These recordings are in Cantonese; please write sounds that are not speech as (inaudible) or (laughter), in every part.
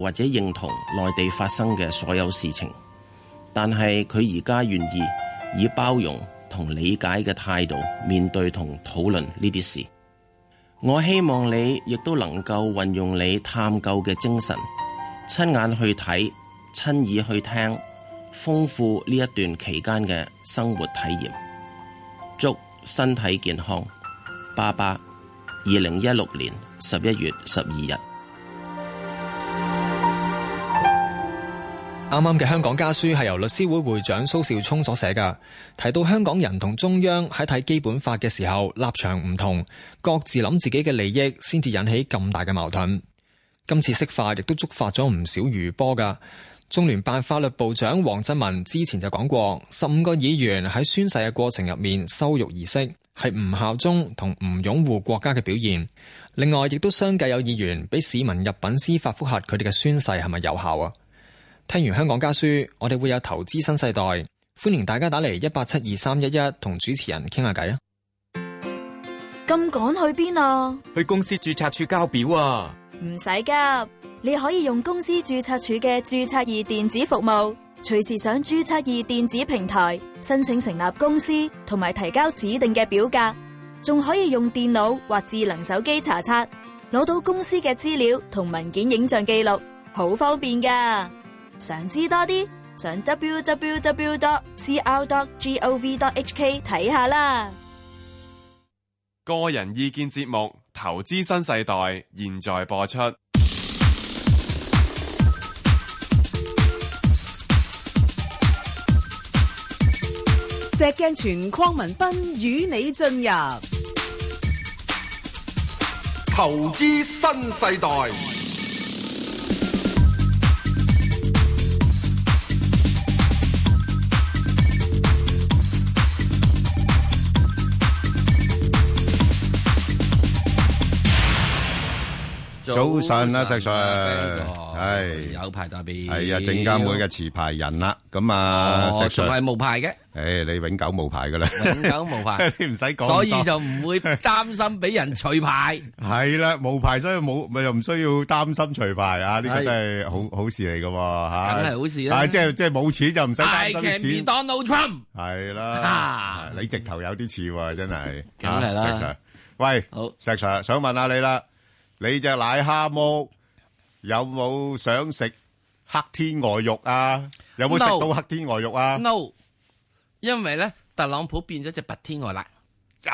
或者認同內地發生嘅所有事情，但係佢而家願意以包容同理解嘅態度面對同討論呢啲事。我希望你亦都能夠運用你探究嘅精神，親眼去睇，親耳去聽，豐富呢一段期間嘅生活體驗。祝身體健康，爸爸。二零一六年十一月十二日。啱啱嘅香港家書係由律師會會長蘇紹聰所寫噶，提到香港人同中央喺睇基本法嘅時候立場唔同，各自諗自己嘅利益，先至引起咁大嘅矛盾。今次釋法亦都觸發咗唔少餘波噶。中聯辦法律部長王振民之前就講過，十五個議員喺宣誓嘅過程入面，羞辱儀式係唔效忠同唔擁護國家嘅表現。另外，亦都相繼有議員俾市民入稟司法複核，佢哋嘅宣誓係咪有效啊？聽完香港家書，我哋會有投資新世代，歡迎大家打嚟一八七二三一一同主持人傾下偈啊。咁趕去邊啊？去公司註冊處交表啊？唔使急，你可以用公司註冊處嘅註冊易電子服務，隨時上註冊易電子平台申請成立公司，同埋提交指定嘅表格，仲可以用電腦或智能手機查冊，攞到公司嘅資料同文件影像記錄，好方便噶。想知多啲，上 w w w d o t c r d o t g o v d o t h k 睇下啦。個人意見節目《投資新世代》現在播出。石鏡泉鄺民彬與你進入《投資新世代》。早晨啦，石 Sir，係有牌代表，係啊，證監會嘅持牌人啦，咁啊，石 Sir，仲係無牌嘅，誒，你永久無牌噶啦，永久無牌，你唔使講，所以就唔會擔心俾人除牌，係啦，無牌所以冇，咪又唔需要擔心除牌啊，呢個真係好好事嚟噶，吓，梗係好事啦，即係即係冇錢就唔使擔心啲錢，Donald Trump，係啦，你直頭有啲似真係，梗係啦，石 Sir，喂，好，石 Sir，想問下你啦。你隻奶蝦毛有冇想食黑天鵝肉啊？有冇食到黑天鵝肉啊 no.？No，因為咧特朗普變咗隻白天鵝啦，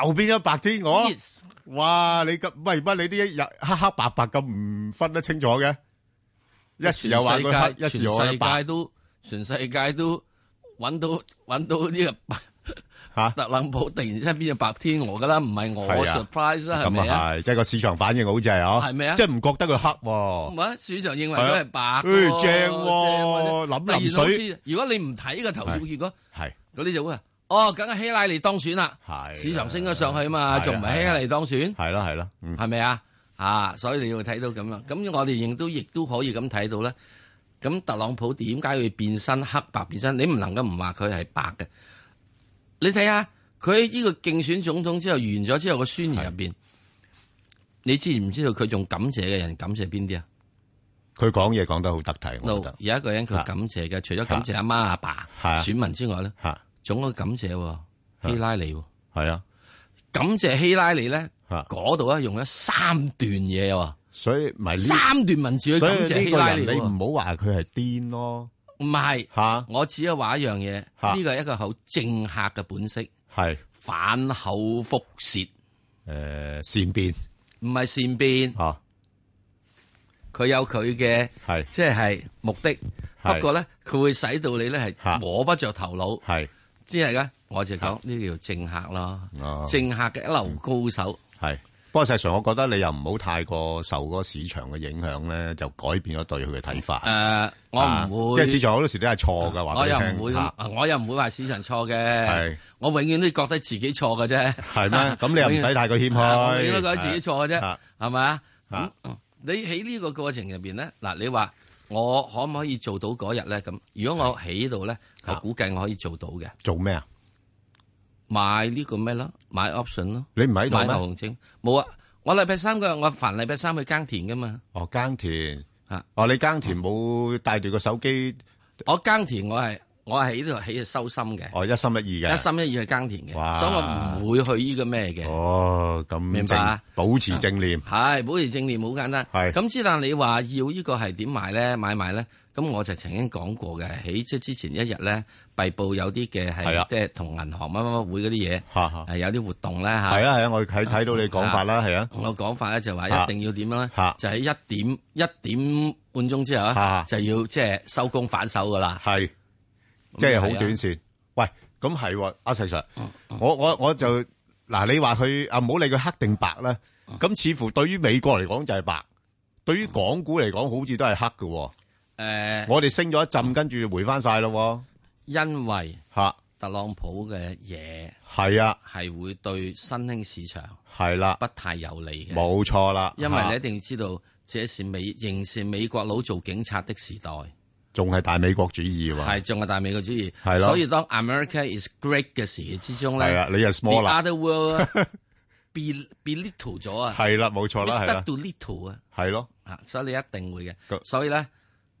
又變咗白天鵝。It is. 哇！你咁，為乜你呢一日黑黑白白咁唔分得清楚嘅，一時又話佢黑，世一時又話佢白界都全世界都揾到揾到呢個白。吓，特朗普突然之間變咗白天鵝噶啦，唔係我 surprise 啦，係咪啊？即係個市場反應好正哦，係咪？啊？即係唔覺得佢黑，市場認為佢係白正諗諗水。如果你唔睇個投票結果，係嗰啲就會哦，梗係希拉里當選啦，市場升咗上去嘛，仲唔係希拉里當選？係啦，係啦，係咪啊？啊，所以你要睇到咁樣。咁我哋亦都亦都可以咁睇到啦。咁特朗普點解會變身黑白？變身你唔能夠唔話佢係白嘅。你睇下佢呢個競選總統之後完咗之後個宣言入邊，你知唔知道佢仲感謝嘅人感謝邊啲啊？佢講嘢講得好得體，我覺得。有一個人佢感謝嘅，除咗感謝阿媽阿爸選民之外咧，總嘅感謝希拉里。係啊，感謝希拉里咧，嗰度啊用咗三段嘢喎。所以，三段文字去感謝希拉里，你唔好話佢係癲咯。唔係，吓，我只係話一樣嘢，呢個係一個好政客嘅本色，係反口覆舌，誒善變，唔係善變，吓，佢有佢嘅，係即係目的。不過咧，佢會使到你咧係摸不着頭腦，係，即係咧，我就講呢叫政客咯，政客嘅一流高手。不過事實上我覺得你又唔好太過受嗰個市場嘅影響咧，就改變咗對佢嘅睇法。誒，我唔會，即係市場好多時都係錯嘅話。我又唔會，我又唔會話市場錯嘅。係，我永遠都覺得自己錯嘅啫。係咩？咁你又唔使太過謙虛。都覺得自己錯嘅啫，係咪啊？你喺呢個過程入邊咧，嗱，你話我可唔可以做到嗰日咧？咁如果我喺呢度咧，我估計我可以做到嘅。做咩啊？買呢個咩咯？買 option 咯？你唔喺度買？牛熊證冇啊！我禮拜三嘅，我凡禮拜三去耕田噶嘛。哦，耕田吓。哦，你耕田冇帶住個手機。我耕田我係我係呢度起收心嘅。哦，一心一意嘅。一心一意去耕田嘅。哇！所以我唔會去呢個咩嘅。哦，咁明白。保持正念係保持正念好簡單。係咁，之但你話要呢個係點買咧？買賣咧？咁我就曾經講過嘅，喺即係之前一日咧，閉報有啲嘅係即係同銀行乜乜乜會嗰啲嘢係有啲活動咧嚇。係啊係啊，我睇睇到你講法啦，係、嗯、啊。啊我講法咧就話一定要點樣咧，啊、就喺一點一點半鐘之後啊，就要即係收工反手噶啦，係即係好短線。啊、喂，咁係阿細 Sir、嗯嗯，我我我就嗱，你話佢啊，唔好理佢黑定白咧。咁、嗯、似乎對於美國嚟講就係白，對於港股嚟講好似都係黑嘅。誒，我哋升咗一陣，跟住回翻晒咯。因為吓特朗普嘅嘢係啊，係會對新興市場係啦，不太有利嘅。冇錯啦，因為你一定要知道，這是美仍是美國佬做警察的時代，仲係大美國主義啊！係仲係大美國主義，係咯。所以當 America is great 嘅時之中咧，係啊，你又 small the other world be be little 咗啊，係啦，冇錯啦，係啦，Mr. Little 啊，係咯，啊，所以你一定會嘅，所以咧。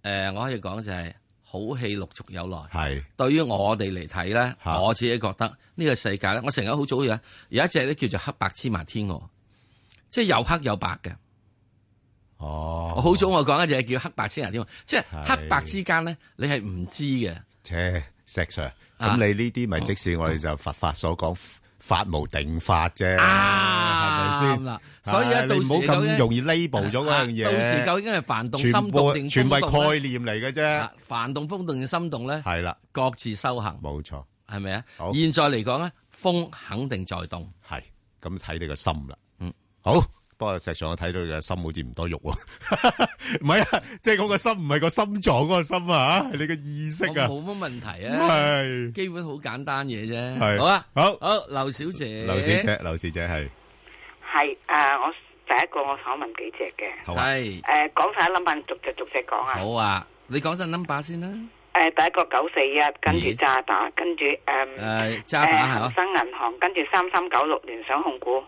誒、呃，我可以講就係、是、好戲陸續有來。係是對於我哋嚟睇咧，啊、我自己覺得呢個世界咧，我成日好早嘅，有一隻咧叫做黑白芝麻天鵝，即係又黑又白嘅。哦，好早我講一隻叫黑白芝麻天鵝，哦、即係黑白之間咧，是你係唔知嘅。即切石 Sir，咁、啊、你呢啲咪即係我哋就佛法，法所講。法無定法啫，係咪先？所以咧，到時唔好咁容易 label 咗嗰樣嘢。到時究竟係幡動心動定風動？全係概念嚟嘅啫。幡動風動定心動咧？係啦，各自修行，冇錯。係咪啊？好，現在嚟講咧，風肯定在動，係咁睇你個心啦。嗯，好。不過實上我睇到個心好似唔多肉喎，唔係啊，即係嗰個心唔係個心臟個心啊，係你個意識啊，冇乜問題啊，係基本好簡單嘢啫，係好啊，好好劉小姐，劉小姐，劉小姐係係誒，我第一個我想問幾隻嘅，係誒講晒冧巴逐隻逐隻講啊，好啊，你講晒冧巴先啦，誒第一個九四一，跟住渣打，跟住誒誒渣打銀行，恒生銀行，跟住三三九六聯想控股。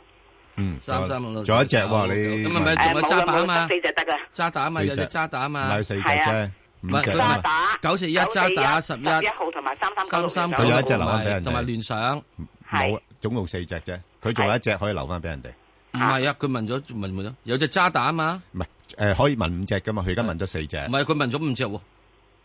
嗯，三三六六，仲有一隻喎你。咁係咪仲有揸板啊嘛，四隻得噶，揸蛋啊嘛，有隻揸蛋啊嘛，係啊，唔係佢唔係九四一揸蛋十一號同埋三三九六九六六，同埋聯想，冇啊，總共四隻啫，佢仲有一隻可以留翻俾人哋。唔係啊，佢問咗問咗，有隻揸蛋啊嘛。唔係誒，可以問五隻噶嘛，佢而家問咗四隻。唔係佢問咗五隻喎，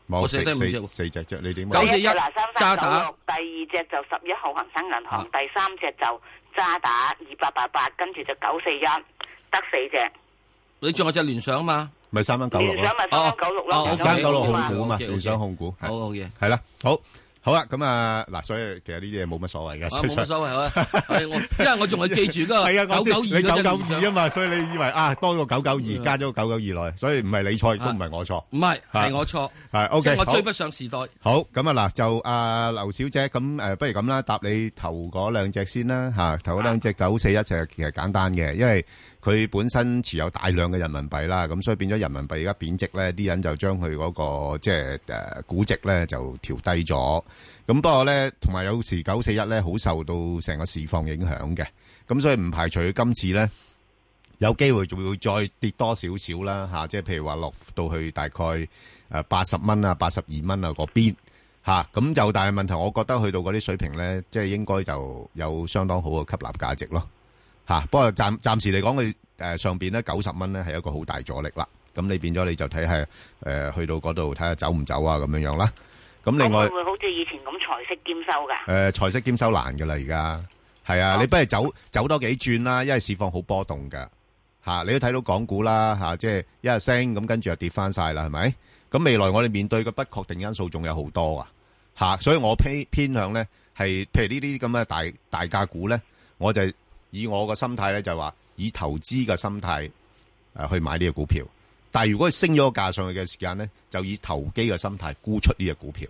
冇剩低五隻喎，四隻啫，你點？九四一嗱，三三九六，第二隻就十一號恒生銀行，第三隻就。渣打二八八八，跟住就九四一，得四隻。你仲有隻聯想啊嘛，咪三蚊九六咯。聯想咪三蚊九六咯，三九六控股啊嘛，聯想控股。好好嘢，係啦，好。好啦，咁啊，嗱，所以其實呢啲嘢冇乜所謂嘅，冇所謂，因為我仲係記住噶，九九二嗰隻啊嘛，所以你以為啊多個九九二加咗個九九二來，所以唔係你錯，亦都唔係我錯，唔係係我錯，係 O K，即係我追不上時代。好，咁啊，嗱，就阿劉小姐，咁誒，不如咁啦，答你頭嗰兩隻先啦，吓頭嗰兩隻九四一隻其實簡單嘅，因為。佢本身持有大量嘅人民幣啦，咁所以變咗人民幣而家貶值咧，啲人就將佢嗰個即係誒、呃、估值咧就調低咗。咁不過咧，同埋有，有時九四一咧好受到成個市況影響嘅，咁所以唔排除佢今次咧有機會仲會再跌多少少啦吓，即係譬如話落到去大概誒八十蚊啊、八十二蚊啊嗰邊嚇。咁就但係問題我覺得去到嗰啲水平咧，即係應該就有相當好嘅吸納價值咯。吓，不過暫暫時嚟講，佢誒上邊咧九十蚊咧係一個好大阻力啦。咁你變咗你就睇下誒去到嗰度，睇下走唔走啊，咁樣樣啦。咁另外會唔會好似以前咁財色兼收噶？誒、呃，財色兼收難噶啦，而家係啊，你不如走走多幾轉啦，因為市況好波動噶吓，啊，你都睇到港股啦吓，啊，即係一日升，咁跟住又跌翻晒啦，係咪？咁未來我哋面對嘅不確定因素仲有好多啊吓，所以我偏偏向咧係，譬如呢啲咁嘅大大價股咧，我就。以我個心態咧，就係話以投資嘅心態誒去買呢個股票，但係如果佢升咗價上去嘅時間咧，就以投機嘅心態沽出呢隻股票，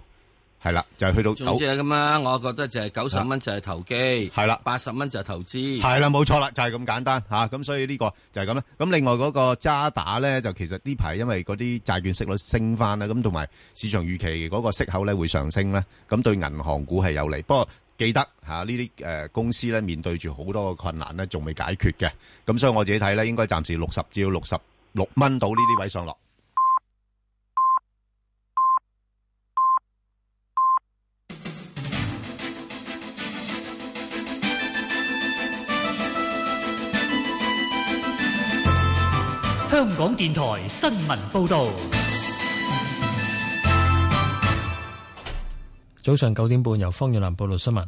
係啦，就係去到。總之係咁啦，我覺得就係九十蚊就係投機，係啦，八十蚊就係投資，係啦，冇錯啦，就係咁簡單嚇。咁所以呢個就係咁啦。咁另外嗰個渣打咧，就其實呢排因為嗰啲債券息率升翻啦，咁同埋市場預期嗰個息口咧會上升咧，咁對銀行股係有利。不過。記得嚇，呢啲誒公司咧面對住好多嘅困難咧，仲未解決嘅，咁所以我自己睇咧，應該暫時六十至到六十六蚊到呢啲位上落。香港電台新聞報導。早上九點半，由方遠蘭報道新聞。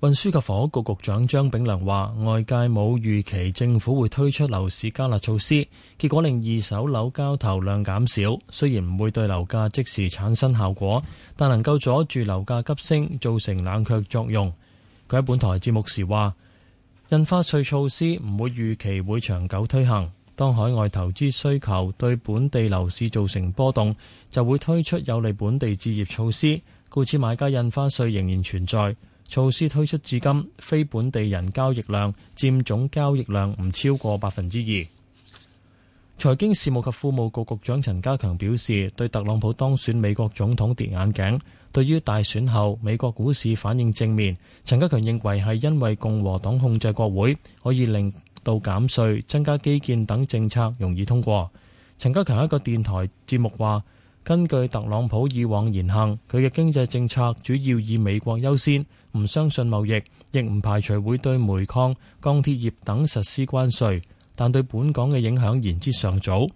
運輸及房屋局局長張炳良話，外界冇預期政府會推出樓市加辣措施，結果令二手樓交投量減少。雖然唔會對樓價即時產生效果，但能夠阻住樓價急升，造成冷卻作用。佢喺本台節目時話，印花稅措施唔會預期會長久推行。當海外投資需求對本地樓市造成波動，就會推出有利本地置業措施。故此，買家印花稅仍然存在。措施推出至今，非本地人交易量佔總交易量唔超過百分之二。財經事務及庫務局局長陳家強表示，對特朗普當選美國總統跌眼鏡。對於大選後美國股市反應正面，陳家強認為係因為共和黨控制國會，可以令到減稅、增加基建等政策容易通過。陳家強一個電台節目話。根據特朗普以往言行，佢嘅經濟政策主要以美國優先，唔相信貿易，亦唔排除會對煤礦、鋼鐵業等實施關稅，但對本港嘅影響言之尚早。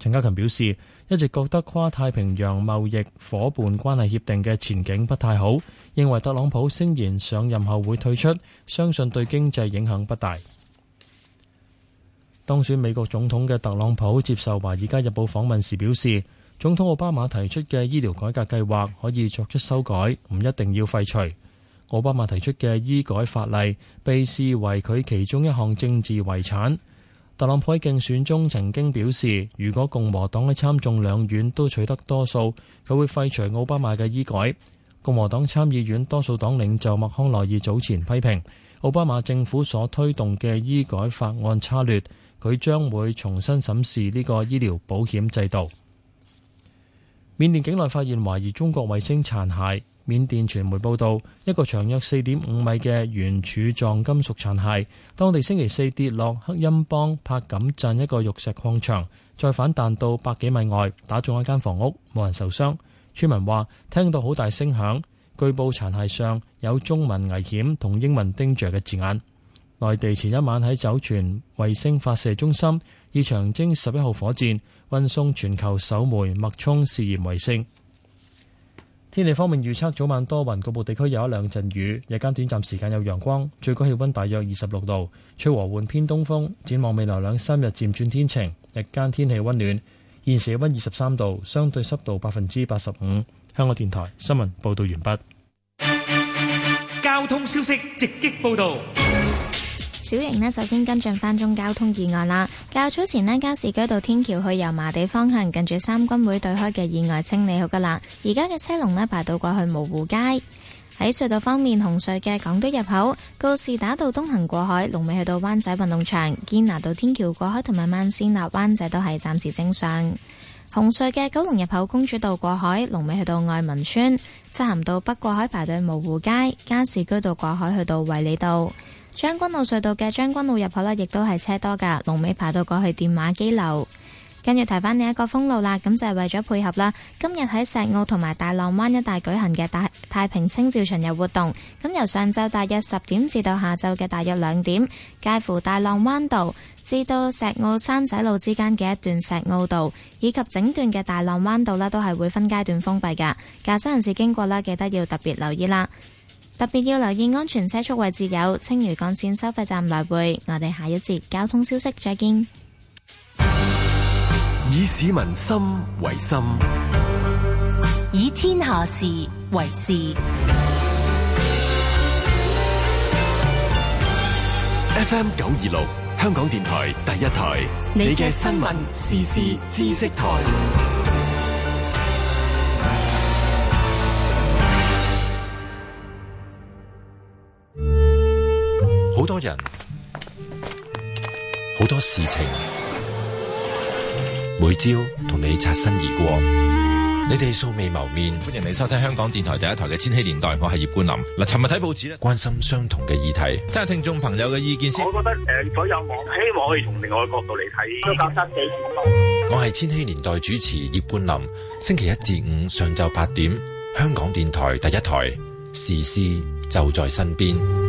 陳家強表示，一直覺得跨太平洋貿易伙伴關係協定嘅前景不太好，認為特朗普聲言上任後會退出，相信對經濟影響不大。當選美國總統嘅特朗普接受《華爾街日報》訪問時表示。總統奧巴馬提出嘅醫療改革計劃可以作出修改，唔一定要廢除。奧巴馬提出嘅醫改法例被視為佢其中一項政治遺產。特朗普喺競選中曾經表示，如果共和黨喺參眾兩院都取得多數，佢會廢除奧巴馬嘅醫改。共和黨參議院多數黨領袖麥康奈爾早前批評奧巴馬政府所推動嘅醫改法案差劣，佢將會重新審視呢個醫療保險制度。緬甸境內發現懷疑中國衛星殘骸。緬甸傳媒報道，一個長約四點五米嘅圓柱狀金屬殘骸，當地星期四跌落克欽邦帕錦鎮一個玉石礦場，再反彈到百幾米外，打中一間房屋，冇人受傷。村民話聽到好大聲響，據報殘骸上有中文“危險”同英文 danger 嘅字眼。內地前一晚喺酒泉衛星發射中心以長征十一號火箭。運送全球首枚脈衝試驗衛星。天氣方面預測早晚多雲，局部地區有一兩陣雨，日間短暫時間有陽光，最高氣溫大約二十六度，吹和緩偏東風。展望未來兩三日漸轉天晴，日間天氣溫暖，現時氣溫二十三度，相對濕度百分之八十五。香港電台新聞報道完畢。交通消息直擊報道。小瑩呢，首先跟進返宗交通意外啦。較早前呢，加士居道天橋去油麻地方向，近住三軍會對開嘅意外清理好噶啦。而家嘅車龍呢，排到過去蕪湖街。喺隧道方面，紅隧嘅港島入口告士打道東行過海，龍尾去到灣仔運動場；堅拿道天橋過海同埋慢綫落灣仔都係暫時正常。紅隧嘅九龍入口公主道過海，龍尾去到愛民村，漆咸道北過海排到去蕪湖街，加士居道過海去到衛理道。將軍澳隧道嘅將軍澳入口呢，亦都係車多噶，龍尾排到過去電話機樓。跟住提翻另一個封路啦，咁就係為咗配合啦。今日喺石澳同埋大浪灣一帶舉行嘅大太平清醮巡遊活動，咁由上晝大約十點至到下晝嘅大約兩點，介乎大浪灣道至到石澳山仔路之間嘅一段石澳道以及整段嘅大浪灣道呢，都係會分階段封閉噶。駕駛人士經過啦，記得要特別留意啦。特別要留意安全車速位置有青嶼港線收費站來回。我哋下一節交通消息再見。以市民心為心，以天下事為事。FM 九二六，香港電台第一台，你嘅新聞、時事、知識台。好多人，好多事情，每朝同你擦身而過，你哋素未謀面。歡迎你收聽香港電台第一台嘅千禧年代，我係葉冠林。嗱，尋日睇報紙咧，關心相同嘅議題，聽下聽眾朋友嘅意見先。我覺得誒、呃，如果有網，希望可以從另外嘅角度嚟睇。我係、呃、千禧年代主持葉冠林，星期一至五上晝八點，香港電台第一台，時事就在身邊。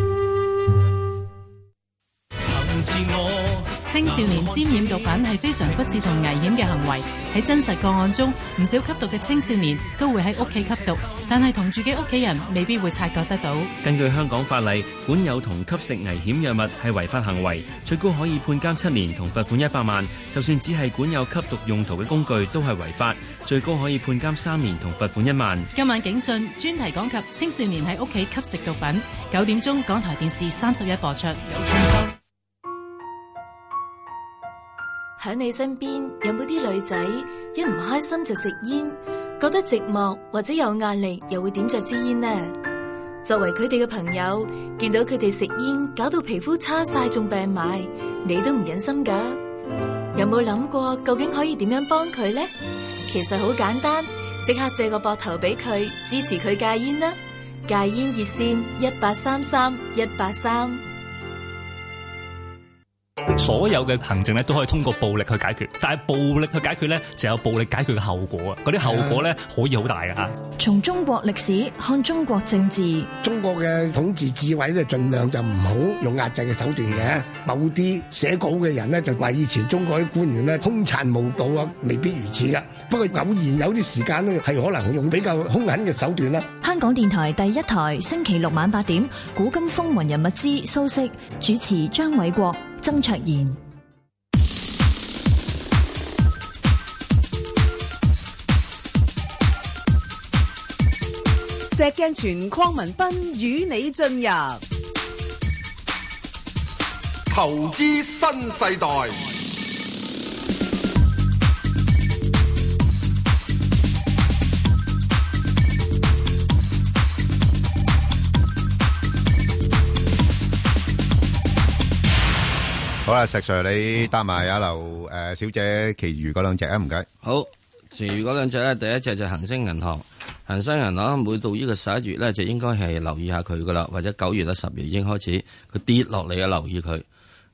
少年沾染毒品係非常不智同危險嘅行為，喺真實個案中，唔少吸毒嘅青少年都會喺屋企吸毒，但係同住嘅屋企人未必會察覺得到。根據香港法例，管有同吸食危險藥物係違法行為，最高可以判監七年同罰款一百萬。就算只係管有吸毒用途嘅工具都係違法，最高可以判監三年同罰款一萬。今晚警訊專題講及青少年喺屋企吸食毒品，九點鐘港台電視三十一播出。 (laughs) 喺你身邊有冇啲女仔一唔開心就食煙，覺得寂寞或者有壓力又會點着支煙呢？作為佢哋嘅朋友，見到佢哋食煙搞到皮膚差晒，仲病埋，你都唔忍心㗎。有冇諗過究竟可以點樣幫佢咧？其實好簡單，即刻借個膊頭俾佢支持佢戒煙啦！戒煙熱線一八三三一八三。所有嘅行政咧都可以通過暴力去解決，但係暴力去解決咧就有暴力解決嘅後果啊。嗰啲後果咧可以好大噶吓。從、嗯、中國歷史看中國政治，中國嘅統治智慧咧盡量就唔好用壓制嘅手段嘅。某啲寫稿嘅人咧就話以前中國啲官員咧凶殘無道啊，未必如此噶。不過偶然有啲時間咧係可能用比較凶狠嘅手段啦。香港電台第一台星期六晚八點《古今風雲人物之蘇軾》，主持張偉國。曾卓然，石鏡泉、鄺民彬與你進入投資新世代。好啦，石 Sir，你答埋阿劉誒小姐其餘，其餘嗰兩隻啊，唔該。好，其餘嗰兩隻咧，第一隻就恒生銀行，恒生銀行每到個呢個十一月咧，就應該係留意下佢噶啦，或者九月啊、十月已經開始佢跌落嚟啊，留意佢。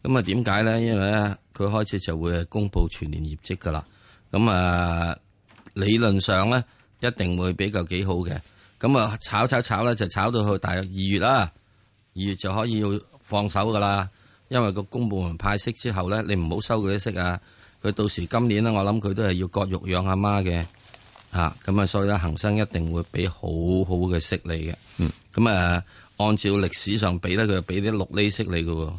咁啊，點解咧？因為咧，佢開始就會公布全年業績噶啦。咁啊，理論上咧，一定會比較幾好嘅。咁啊，炒炒炒咧，就炒到去大約二月啦，二月就可以放手噶啦。因為個公部門派息之後咧，你唔好收佢啲息啊！佢到時今年咧，我諗佢都係要割肉養阿媽嘅，啊！咁啊，所以咧，恒生一定會俾好好嘅息你嘅，嗯。咁啊，按照歷史上俾咧，佢就俾啲六厘息你嘅，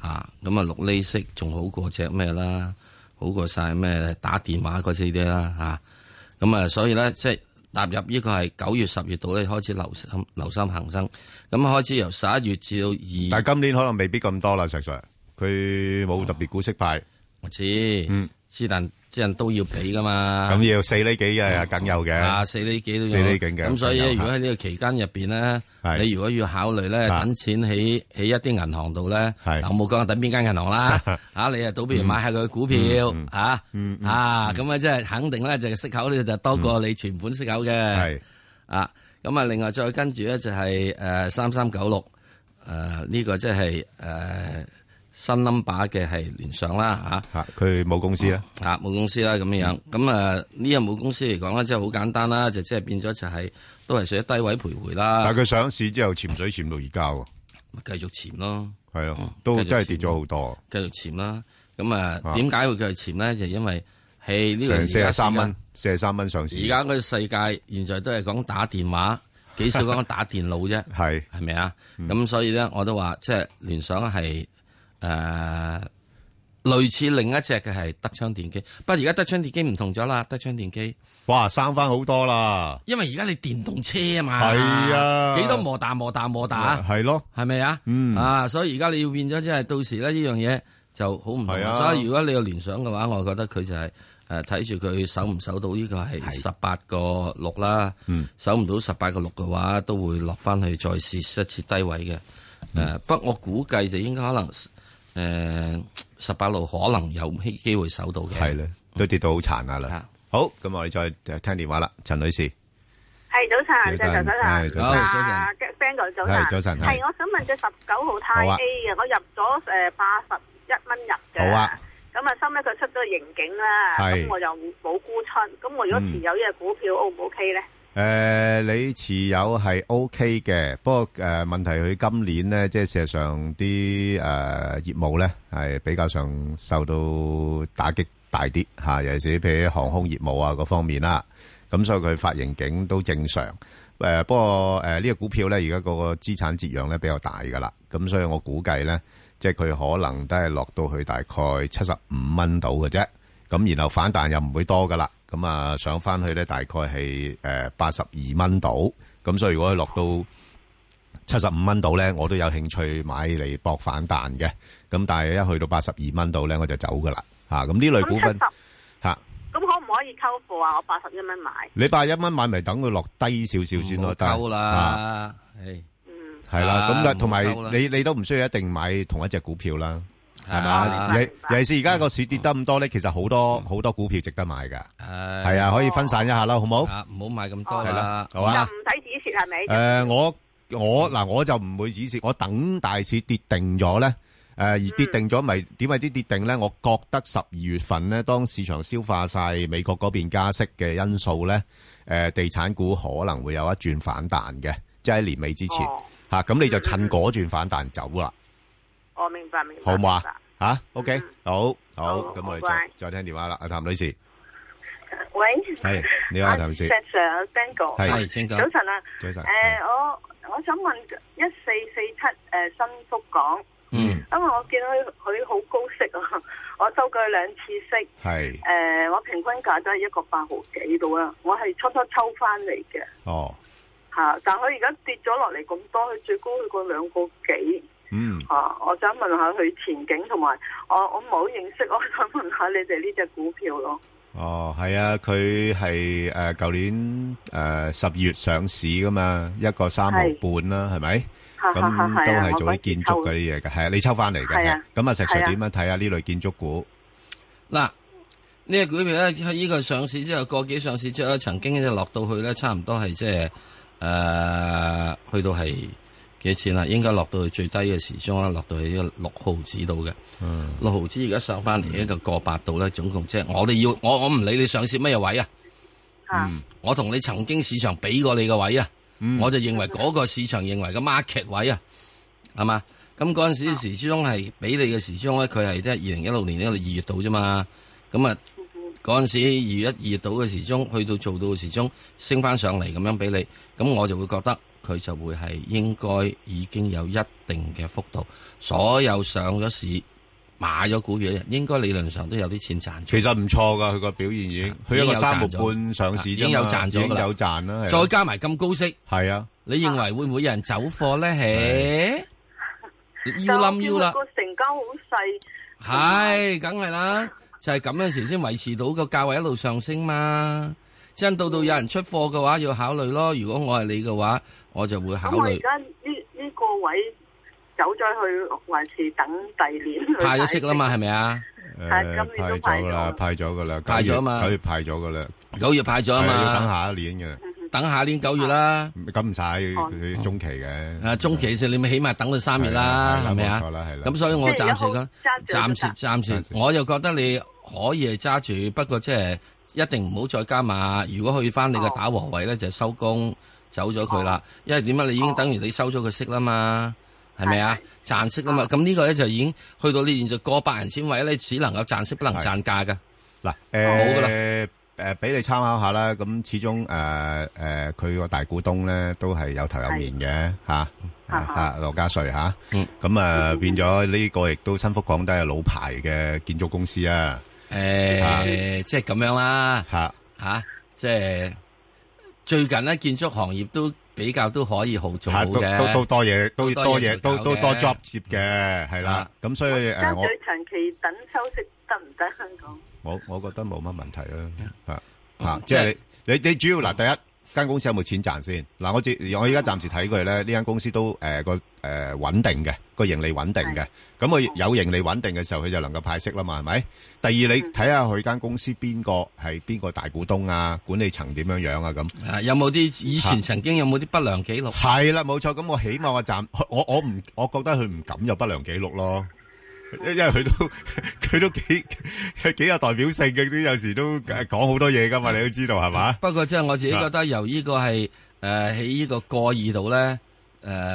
吓。咁啊，六厘息仲好過隻咩啦？好過晒咩打電話嗰啲啲啦，吓、啊。咁啊，所以咧即係。踏入呢個係九月、十月度咧，開始留心、留心行生。咁開始由十一月至到二，但係今年可能未必咁多啦，石 Sir，佢冇特別股息派。哦，我知，嗯。是但即係都要俾噶嘛？咁要四厘幾嘅，梗有嘅。啊，四厘幾都要四厘幾嘅。咁所以如果喺呢個期間入邊咧，你如果要考慮咧，等錢喺喺一啲銀行度咧，我冇講等邊間銀行啦。吓，你啊，倒不如買下佢股票吓。嗯啊，咁啊，即係肯定咧，就係息口咧就多過你存款息口嘅。係啊，咁啊，另外再跟住咧就係誒三三九六誒呢個即係誒。新 number 嘅係聯想啦，吓，佢冇公司啦，啊冇公司啦咁樣樣，咁啊呢個冇公司嚟講咧，即係好簡單啦，就即係變咗就係都係寫低位徘徊啦。但係佢上市之後潛水潛到而家喎，繼續潛咯，係咯，都真係跌咗好多。繼續潛啦，咁啊點解會繼續潛咧？就因為係呢個四十三蚊，四十三蚊上市。而家嘅世界現在都係講打電話，幾少講打電腦啫，係係咪啊？咁所以咧，我都話即係聯想係。誒、啊，類似另一隻嘅係德昌電機，不過而家德昌電機唔同咗啦，德昌電機，哇，升翻好多啦，因為而家你電動車啊嘛，係啊，幾多摩打摩打摩打，係咯，係咪啊？吧嗯、啊，所以而家你要變咗，即係到時咧呢樣嘢就好唔同，啊、所以如果你有聯想嘅話，我覺得佢就係誒睇住佢守唔守到呢個係十八個六啦，守唔、啊嗯、到十八個六嘅話，都會落翻去再試一次低位嘅，誒、呃，不過、嗯、我估計就應該可能，誒，十八路可能有希機會守到嘅，係啦，都跌到好殘啊啦。好，咁我哋再聽電話啦，陳女士。係早晨，早晨，早晨，早晨。早晨。係，我想問隻十九號太 A 嘅，我入咗誒八十一蚊入嘅。好啊。咁啊，收尾佢出咗盈警啦，咁我就冇沽出。咁我如果持有呢隻股票，O 唔 O K 咧？誒、呃，你持有係 O K 嘅，不過誒、呃、問題佢今年咧，即係事實上啲誒、呃、業務咧係比較上受到打擊大啲吓，尤其是譬如航空業務啊嗰方面啦，咁、啊、所以佢發行景都正常。誒、呃，不過誒呢、呃這個股票咧，而家個個資產折讓咧比較大噶啦，咁所以我估計咧，即係佢可能都係落到去大概七十五蚊到嘅啫，咁然後反彈又唔會多噶啦。咁啊，上翻去咧大概係誒八十二蚊度，咁所以如果佢落到七十五蚊度咧，我都有興趣買嚟博反彈嘅。咁但係一去到八十二蚊度咧，我就走噶啦吓。咁呢類股份吓，咁可唔可以溝貨啊？我八十一蚊買，你八十一蚊買咪等佢落低少少先咯，得啦。係，嗯，係啦。咁同埋你你都唔需要一定買同一隻股票啦。係嘛？啊、尤其是而家個市跌得咁多咧，其實好多好、嗯、多股票值得買噶。係、哎、呀啊，可以分散一下啦，好唔好？唔、啊啊、好買咁多係啦。就唔使止蝕係咪？誒、呃嗯，我我嗱，我就唔會止蝕，我等大市跌定咗咧。誒、呃，而跌定咗咪點為之跌定咧？我覺得十二月份咧，當市場消化晒美國嗰邊加息嘅因素咧，誒、呃，地產股可能會有一轉反彈嘅，即係年尾之前吓，咁你就趁嗰轉反彈走啦。嗯我明白，明白。好嘛？吓，OK，好好，咁我哋再再聽電話啦，阿譚女士。喂，係你好，譚女士。Sir，阿 Bango。係，清哥。早晨啊，早晨。誒，我我想問一四四七誒新福港。嗯。因為我見到佢佢好高息啊，我收過佢兩次息。係。誒，我平均價都係一個八毫幾度啊，我係初初抽翻嚟嘅。哦。吓，但係佢而家跌咗落嚟咁多，佢最高去過兩個幾。 (noise) 嗯，啊，我想問下佢前景同埋，我我冇認識，我想問下你哋呢隻股票咯。哦，係啊，佢係誒舊年誒十二月上市噶嘛，一個三毫半啦，係咪？咁都係做啲建築嗰啲嘢嘅，係啊是，你抽翻嚟嘅。咁啊，石 Sir 點樣睇下呢類建築股嗱、啊這個、呢隻股票咧喺呢個上市之後，個幾上市之後曾經咧落到去咧，差唔多係即係誒去到係。幾錢啊？應該落到去最低嘅時鐘啦、啊，落到去呢、嗯、六毫子度嘅。六毫子而家上翻嚟呢，就過百度咧，總共即係我哋要我我唔理你上市咩位啊。嗯、我同你曾經市場俾過你嘅位啊，嗯、我就認為嗰個市場認為嘅 market 位啊，係嘛、嗯？咁嗰陣時時鐘係俾你嘅時鐘咧，佢係即係二零一六年呢個二月度啫嘛。咁啊，嗰陣時二一二月度嘅時鐘去到做到嘅時鐘升翻上嚟咁樣俾你，咁我就會覺得。佢就會係應該已經有一定嘅幅度，所有上咗市買咗股票嘅人，應該理論上都有啲錢賺。其實唔錯噶，佢個表現已經，佢一個三個半上市啫嘛，已經有賺咗啦，已經有賺啦。再加埋咁高息，係啊，你認為會唔會有人走貨咧？嘿，要冧要啦！個成交好細，係，梗係啦，就係咁樣時先維持到個價位一路上升嘛。真到到有人出貨嘅話，要考慮咯。如果我係你嘅話，我就會考慮。而家呢呢個位走咗去，還是等第二年派咗息啦嘛？係咪啊？係今年都派咗啦，派咗噶啦，派咗嘛，九月派咗噶啦，九月派咗嘛。等下一年嘅，等下年九月啦。咁唔使中期嘅，啊中期先，你咪起碼等到三月啦，係咪啊？咁所以我暫時咯，暫時暫時，我就覺得你可以係揸住，不過即係一定唔好再加碼。如果去翻你個打和位咧，就收工。走咗佢啦，因為點解你已經等於你收咗佢息啦嘛，係咪啊？賺息啦嘛。咁呢個咧就已經去到呢現在過百元錢位咧，你只能夠賺息，不能賺價噶。嗱，誒、啊，誒、欸，俾了你參考下啦。咁始終誒誒，佢、呃、個、呃、大股東咧都係有頭有面嘅吓吓，羅的、啊啊、家瑞吓。咁啊，嗯嗯、啊，變咗呢個亦都身福講得係老牌嘅建築公司、嗯欸、啊。誒、啊，即係咁樣啦。吓吓，即係。最近咧，建築行業都比較都可以好做嘅，都都多嘢，都多嘢，都都多 job 接嘅，係啦。咁所以誒，我最長期等收息得唔得？香港？我我覺得冇乜問題啦，嚇嚇，即係你你你主要嗱，第一。間公司有冇錢賺先？嗱，我接我依家暫時睇佢咧，呢間公司都誒個誒穩定嘅，個盈利穩定嘅。咁佢有盈利穩定嘅時候，佢就能夠派息啦嘛，係咪？第二，你睇下佢間公司邊個係邊個大股東啊？管理層點樣樣啊？咁啊，有冇啲以前曾經有冇啲不良記錄？係啦，啊，冇錯。咁我起碼我暫，我我唔，我覺得佢唔敢有不良記錄咯。.因因為佢都佢都幾幾有代表性嘅，都有時都講好多嘢噶嘛，你都知道係嘛？不過即係我自己覺得，由呢個係誒喺呢個過意度咧，誒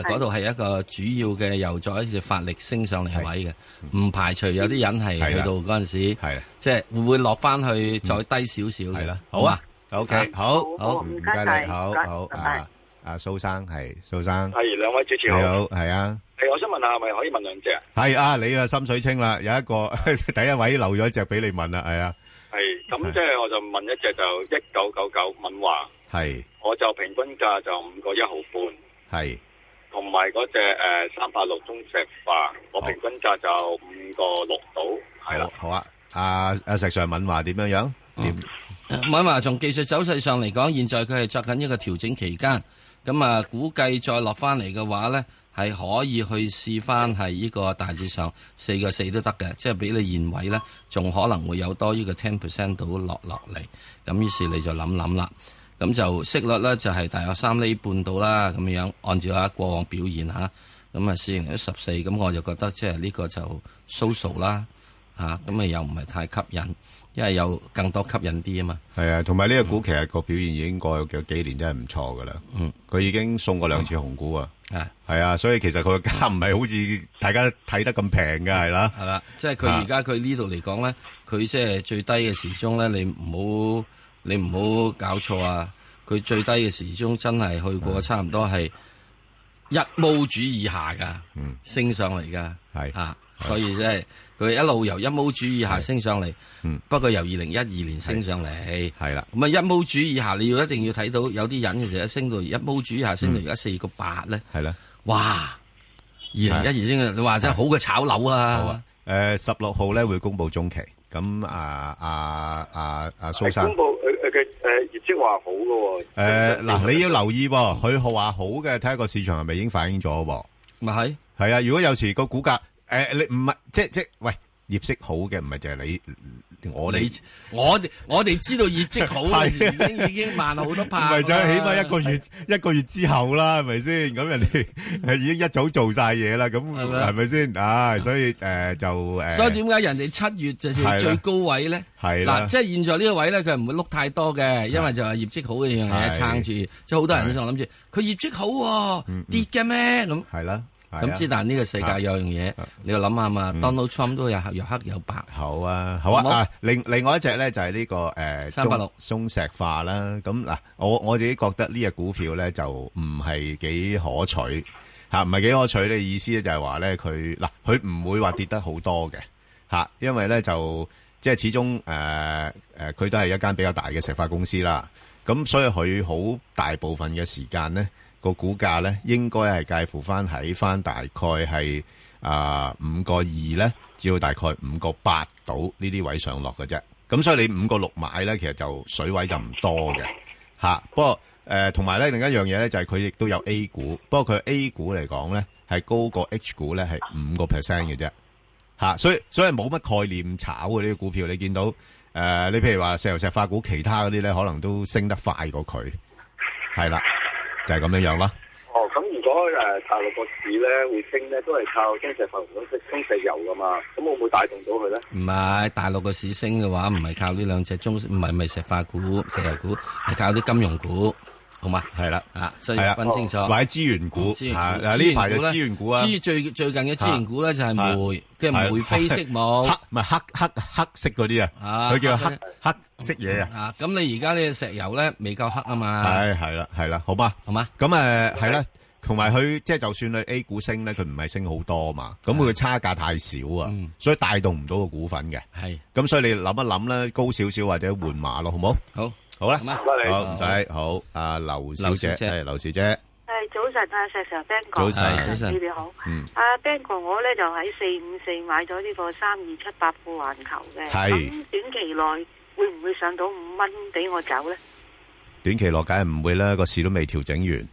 嗰度係一個主要嘅由再一次發力升上嚟位嘅，唔排除有啲人係去到嗰陣時，係即係會唔會落翻去再低少少係啦，好啊。O K，好，好唔該你，好，好，拜。阿蘇生係，蘇生係，兩位主持你好。係啊，係我想問下，係咪可以問兩隻？係啊，你啊心水清啦，有一個第一位留咗一隻俾你問啦。係啊，係咁即係我就問一隻就一九九九敏華，係，我就平均價就五個一毫半，係，同埋嗰隻誒三八六中石化，我平均價就五個六到，係啦。好啊，阿阿石尚敏華點樣樣？敏華從技術走勢上嚟講，現在佢係作緊一個調整期間。咁啊，估計再落翻嚟嘅話咧，係可以去試翻係呢個大致上四個四都得嘅，即係俾你現位咧，仲可能會有多呢個 ten percent 到落落嚟。咁於是你就諗諗啦，咁就息率咧就係大約三厘半到啦，咁樣按照下過往表現嚇，咁啊市盈率一十四，咁我就覺得即係呢個就 so so 啦，嚇，咁啊又唔係太吸引。因為有更多吸引啲啊嘛，係啊，同埋呢個股其實個表現已經過咗幾年真係唔錯噶啦，嗯，佢已經送過兩次紅股啊，係啊，所以其實佢嘅價唔係好似大家睇得咁平噶，係啦、啊，係啦、嗯啊，即係佢而家佢呢度嚟講咧，佢即係最低嘅時鐘咧，你唔好你唔好搞錯啊，佢最低嘅時鐘真係去過差唔多係一毛主以下噶，嗯，升上嚟噶，係是啊。所以即係佢一路由一毛主以下升上嚟，不過由二零一二年升上嚟係啦。咁啊，一毛主以下你要一定要睇到有啲人成日，升到而一毛主以下升到而家四個八咧，係啦，哇！二零一二先嘅，你話真係好過炒樓啊。誒，十六號咧，會公佈中期，咁啊啊啊阿蘇生係公佈誒誒嘅誒業績話好嘅，誒嗱，你要留意佢話好嘅，睇下個市場係咪已經反映咗？唔係係啊，如果有時個股價。誒，你唔係即即喂業績好嘅，唔係就係你我哋，我我哋知道業績好已經已經慢好多拍，唔係起碼一個月一個月之後啦，係咪先？咁人哋已經一早做晒嘢啦，咁係咪先？啊，所以誒就誒，所以點解人哋七月就算最高位咧？係嗱，即係現在呢個位咧，佢唔會碌太多嘅，因為就係業績好呢樣嘢撐住，即係好多人就諗住佢業績好，跌嘅咩咁？係啦。咁之、啊、但呢個世界有樣嘢，啊、你又諗下嘛？Donald Trump 都有有黑有白。好啊，好啊。嗱、啊，另、啊、另外一隻咧就係、是、呢、這個誒三八六中石化啦。咁嗱，我我自己覺得呢隻股票咧就唔係幾可取嚇，唔、啊、係幾可取咧意思咧就係話咧佢嗱佢唔會話跌得好多嘅嚇、啊，因為咧就即係始終誒誒佢都係一間比較大嘅石化公司啦。咁所以佢好大部分嘅時間咧。個股價咧，應該係介乎翻喺翻大概係啊五個二咧，至到大概五個八到呢啲位上落嘅啫。咁所以你五個六買咧，其實就水位就唔多嘅，吓、啊。不過誒，同埋咧，另一樣嘢咧，就係佢亦都有 A 股，不過佢 A 股，嚟講咧，係高過 H 股咧，係五個 percent 嘅啫吓。所以所以冇乜概念炒嘅呢、這個股票，你見到誒、呃，你譬如話石油石化股，其他嗰啲咧，可能都升得快過佢，係啦。就係咁樣樣啦。哦，咁如果誒、呃、大陸個市咧會升咧，都係靠中石化股食中石油噶嘛？咁會唔會帶動到佢咧？唔係，大陸個市升嘅話，唔係靠呢兩隻中，唔係咪石化股、石油股，係靠啲金融股。同埋係啦，啊，所以要分清楚。買資源股，嗱呢排就資源股啊。資最最近嘅資源股咧就係煤，即係煤飛色舞。黑咪黑黑黑色嗰啲啊，佢叫黑黑色嘢啊。咁你而家咧石油咧未夠黑啊嘛。係係啦係啦，好嘛。同埋咁誒係啦，同埋佢即係就算佢 A 股升咧，佢唔係升好多嘛。咁佢嘅差價太少啊，所以帶動唔到個股份嘅。係。咁所以你諗一諗咧，高少少或者換馬咯，好唔好？好。好啦，唔該你好唔使好。阿劉小姐係劉小姐，係早晨啊，石石 Ben 哥早晨，早晨你好。嗯，阿 Ben 哥我咧就喺四五四買咗呢個三二七八富環球嘅，咁，短期內會唔會上到五蚊俾我走咧？短期內，梗係唔會啦。個市都未調整完，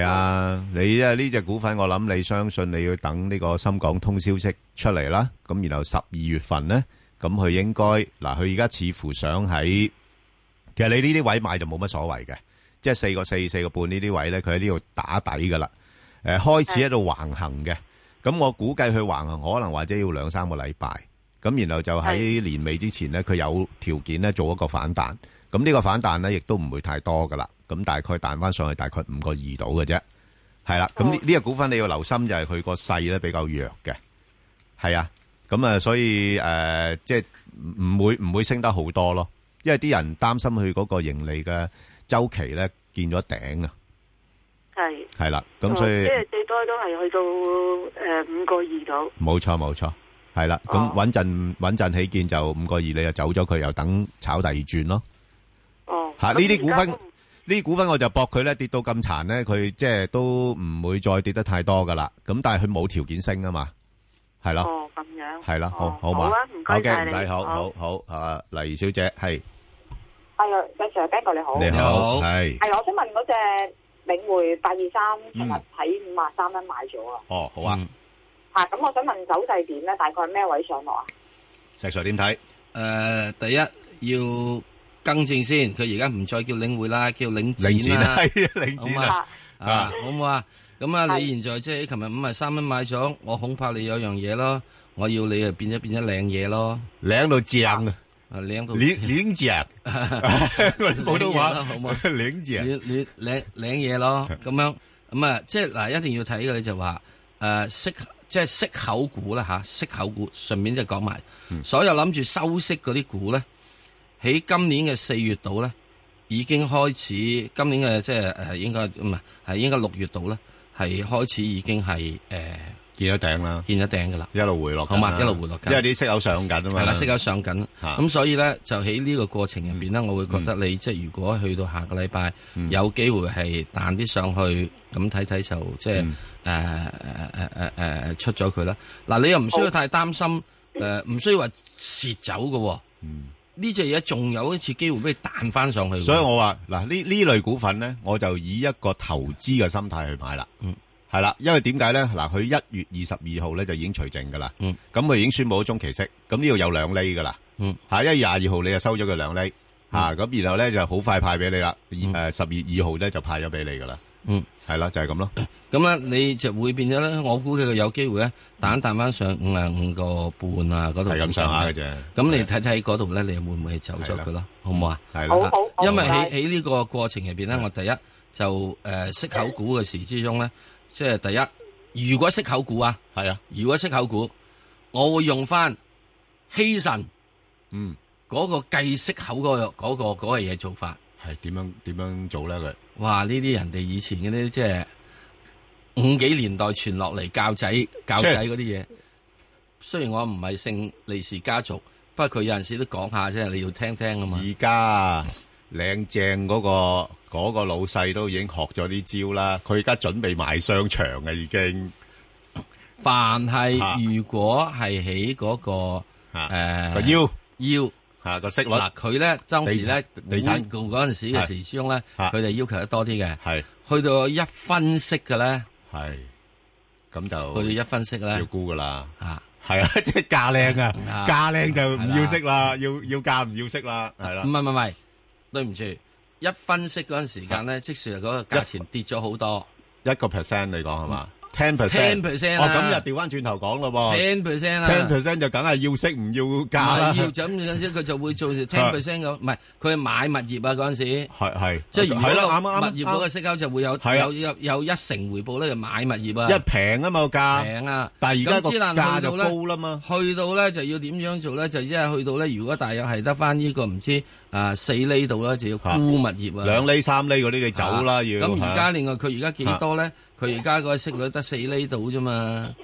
係啊。你即係呢隻股份，我諗你相信你要等呢個深港通消息出嚟啦。咁然後十二月份咧，咁佢應該嗱，佢而家似乎想喺。其實你呢啲位買就冇乜所謂嘅，即係四個四四個半呢啲位咧，佢喺呢度打底噶啦。誒、呃，開始喺度橫行嘅，咁我估計佢橫行可能或者要兩三個禮拜，咁然後就喺年尾之前咧，佢有條件咧做一個反彈。咁呢個反彈咧，亦都唔會太多噶啦。咁大概彈翻上去大概五個二度嘅啫，係啦。咁呢呢個股份你要留心，就係佢個勢咧比較弱嘅，係啊。咁啊，所以誒、呃，即係唔會唔會升得好多咯。因為啲人擔心佢嗰個盈利嘅周期咧見咗頂啊，係係啦，咁所以即係最多都係去到誒五個二度，冇錯冇錯，係啦，咁穩陣穩陣起見就五個二，你又走咗佢又等炒第二轉咯，哦，吓呢啲股份呢啲股份我就搏佢咧跌到咁殘咧，佢即係都唔會再跌得太多噶啦，咁但係佢冇條件升啊嘛。係啦，哦，咁樣，係啦，好，好嘛，好啊，唔該晒你，你好，好好，啊，黎小姐，係，係啊，石 sir、Bun 哥你好，你好，係，係啊，我想問嗰隻領匯八二三今日喺五廿三蚊買咗啊，哦，好啊，吓，咁我想問走勢點咧？大概咩位上落啊？石 sir 點睇？誒，第一要更正先，佢而家唔再叫領匯啦，叫領展啦，領展啦，領展啦，啊，好唔好啊？咁啊！嗯、你現在即係琴日五十三蚊買咗，我恐怕你有樣嘢咯。我要你啊，變咗變咗靚嘢咯，靚到正啊，啊、嗯、到，靚靚正，普通話啦，好唔好？靚、嗯、正，靚靚靚嘢咯，咁樣咁啊！即係嗱，一定要睇嘅你就話誒，息即係息口股啦吓，息口股順便即就講埋，所有諗住收息嗰啲股咧，喺今年嘅四月度咧已經開始，今年嘅即係誒應該唔係係應該六月度咧。係開始已經係誒見咗頂啦，見咗頂嘅啦，了了一路回落，好嘛，一路回落，因為啲息口上緊啊嘛，係啦，息口上緊，咁的、嗯嗯、所以咧就喺呢個過程入邊咧，嗯、我會覺得你即係如果去到下個禮拜、嗯、有機會係彈啲上去，咁睇睇就即係誒誒誒誒誒出咗佢啦。嗱，你又唔需要太擔心誒，唔、嗯呃、需要話蝕走嘅喎。嗯。呢隻嘢仲有一次機會俾你彈翻上去，所以我話嗱，呢呢類股份咧，我就以一個投資嘅心態去買啦，嗯，係啦，因為點解咧？嗱，佢一月二十二號咧就已經除淨噶啦，嗯，咁佢已經宣布咗中期息，咁呢度有兩厘噶啦，嗯，嚇一月廿二號你就收咗佢兩厘。嚇咁、嗯、然後咧就好快派俾你啦，十月二號咧就派咗俾你噶啦。嗯，係啦，就係、是、咁咯。咁咧、嗯，你就會變咗咧。我估計佢有機會咧，彈彈翻上五廿五個半啊，嗰度係咁上下嘅啫。咁、嗯、的你睇睇嗰度咧，你會唔會走咗佢咯？的好唔好啊？係啦，因為喺喺呢個過程入邊咧，的我第一就誒息、呃、口股嘅時之中咧，即係第一，如果息口股啊，係啊的，如果息口股，我會用翻希慎，嗯，嗰個計息口嗰嗰、那個嗰、那個嘢、那個那個、做法。係點樣點樣做咧？佢，哇！呢啲人哋以前嘅咧，即係五幾年代傳落嚟教仔教仔嗰啲嘢。是雖然我唔係姓利氏家族，不過佢有陣時都講下啫，你要聽聽啊嘛。而家領正嗰、嗰個、嗰個老細都已經學咗啲招啦，佢而家準備買商場啊，已經。凡係是、啊、如果係喺嗰個誒腰、啊啊、腰。腰吓個息率嗱，佢咧，當時咧地產股嗰陣時嘅時鐘咧，佢哋要求得多啲嘅，係去到一分息嘅咧，係咁就去到一分息咧，要沽噶啦。吓，係啊，即係價靚啊，價靚就唔要息啦，要要價唔要息啦，係啦，唔係唔係唔係，對唔住，一分息嗰陣時間咧，即使嗰個價錢跌咗好多一個 percent 你講係嘛？ten percent，哦咁又調翻轉頭講咯噃，ten percent 啊，ten percent 就梗係要息唔要價啦。要就咁嗰陣時佢就會做 ten percent 咁，唔係佢買物業啊嗰陣時，係係即係如果到物業嗰個息口就會有有有有一成回報咧，就買物業啊，一平啊嘛個價，平啊，但係而家個價就高啦嘛，去到咧就要點樣做咧？就即係去到咧，如果大約係得翻呢個唔知啊四厘度咧，就要沽物業啊，兩厘三厘嗰啲你走啦要。咁而家另外佢而家幾多咧。佢而家個息率得四厘度啫嘛，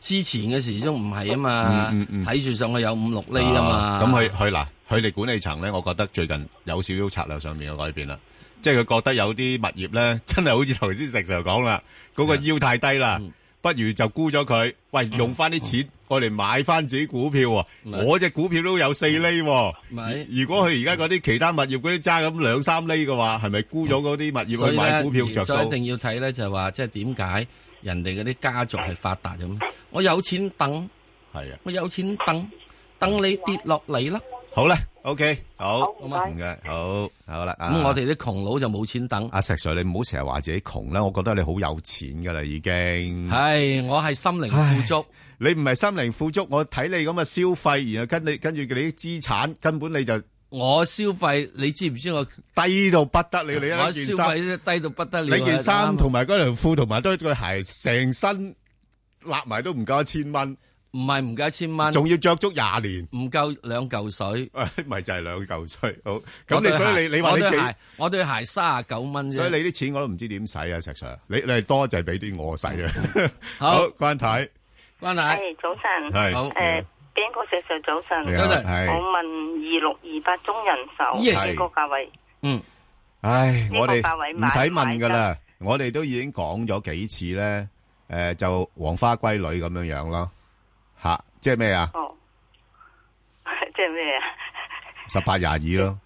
之前嘅時鐘唔係啊嘛，睇住、嗯嗯嗯、上去有五六厘啊嘛。咁佢佢嗱，佢哋管理層咧，我覺得最近有少少策略上面嘅改變啦，即係佢覺得有啲物業咧，真係好似頭先石 Sir 講啦，嗰個腰太低啦，不如就沽咗佢，喂、嗯，用翻啲錢。嗯過嚟買翻自己股票啊！是我隻股票都有四厘、哦，是如果佢而家嗰啲其他物業嗰啲揸咁兩三厘嘅話，係咪沽咗嗰啲物業去買股票就？所以就一定要睇咧，就話即係點解人哋嗰啲家族係發達咁？我有錢等，係啊的，我有錢等等你跌落嚟啦。好啦。O、okay, K，好，唔該好，謝謝，好，好啦。咁、嗯啊、我哋啲窮佬就冇錢等。阿石 Sir，你唔好成日話自己窮啦，我覺得你好有錢噶啦，已經。係，我係心靈富足。你唔係心靈富足，我睇你咁嘅消費，然後跟你跟住你啲資產，根本你就我消費，你知唔知我低到不得了？你一件衫，我消費低到不得了。你件衫同埋嗰條褲同埋對對鞋，成身揦埋都唔夠一千蚊。唔係唔夠一千蚊，仲要着足廿年，唔夠兩嚿水，咪就係兩嚿水。好咁你，所以你你話你幾？我對鞋卅九蚊啫。所以你啲錢我都唔知點使啊，石 Sir。你你多就係俾啲我使啊。好，關太，關太，早晨，好誒，邊個石 Sir 早晨？早晨，我問二六二八中人壽呢個價位，嗯，唉，呢個價位唔使問噶啦。我哋都已經講咗幾次咧，誒，就黃花閨女咁樣樣咯。吓、啊，即係咩啊？哦，即係咩啊？十八廿二咯 22,、啊，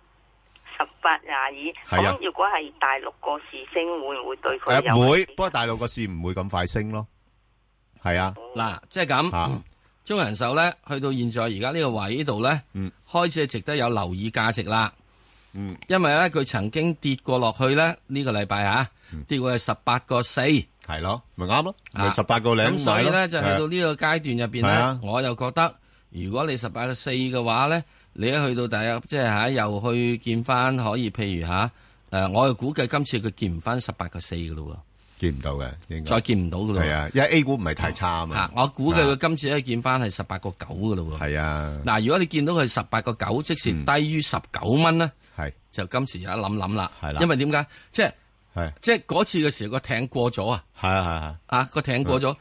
十八廿二。咁如果係大陸個市升，啊、會唔會對佢有？會，不過大陸個市唔會咁快升咯。係啊，嗱、哦，即係咁中人壽咧，去到現在而家呢個位度咧，嗯、開始係值得有留意價值啦。嗯，因為咧佢曾經跌過落去咧，呢、呢個禮拜吓，跌過去十八個四。係咯，咪啱咯，咪十八個零。咁所以咧就去到呢個階段入邊咧，我又覺得如果你十八個四嘅話咧，你一去到第一，即係吓又去見翻，可以譬如吓誒，我又估計今次佢見唔翻十八個四噶咯，見唔到嘅，應該再見唔到噶咯，係啊，因為 A 股唔係太差啊嘛。我估計佢今次咧見翻係十八個九噶咯。係啊，嗱，如果你見到佢十八個九，即是低於十九蚊咧，係就今次有一諗諗啦，係啦，因為點解即係？係，即係嗰次嘅時候個艇過咗啊！係啊係啊，啊個艇過咗，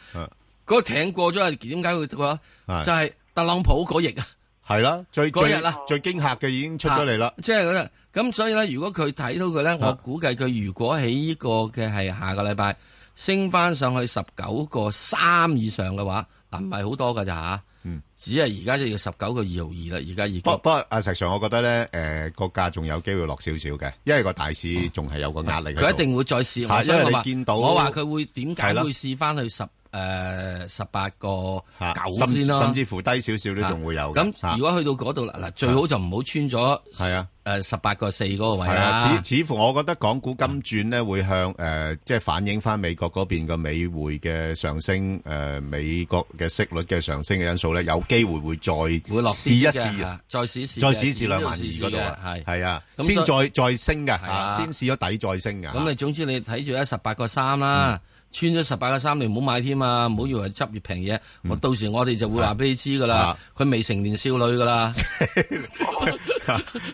嗰艇過咗啊！點解會得咧？就係特朗普嗰日啊，係啦、啊，最嗰日啦，最驚吓嘅已經出咗嚟啦。即係咁，所以咧，如果佢睇到佢咧，我估計佢如果喺呢、這個嘅係下個禮拜升翻上去十九個三以上嘅話，嗱唔係好多㗎咋吓。啊嗯，只係而家就要十九個二毫二啦，而家已經不不過啊！石 Sir，我覺得咧，誒個價仲有機會落少少嘅，因為個大市仲係有個壓力。佢、嗯、一定會再試，下、嗯，所以為我話我話佢會點解會試翻去十？誒，十八個九先咯，甚至乎低少少都仲會有。咁如果去到嗰度啦，嗱最好就唔好穿咗。係啊，誒，十八個四嗰個位啦。似似乎我覺得港股金轉咧會向誒，即係反映返美國嗰邊個美匯嘅上升，誒，美國嘅息率嘅上升嘅因素咧，有機會會再會落試一試，再試試，再試試兩萬二嗰度啊。係係啊，先再再升嘅，先試咗底再升嘅。咁你總之你睇住一十八個三啦。穿咗十八個三年，唔好買添啊！唔好以為執越平嘢，到時我哋就會話俾你知噶啦。佢未成年少女噶啦，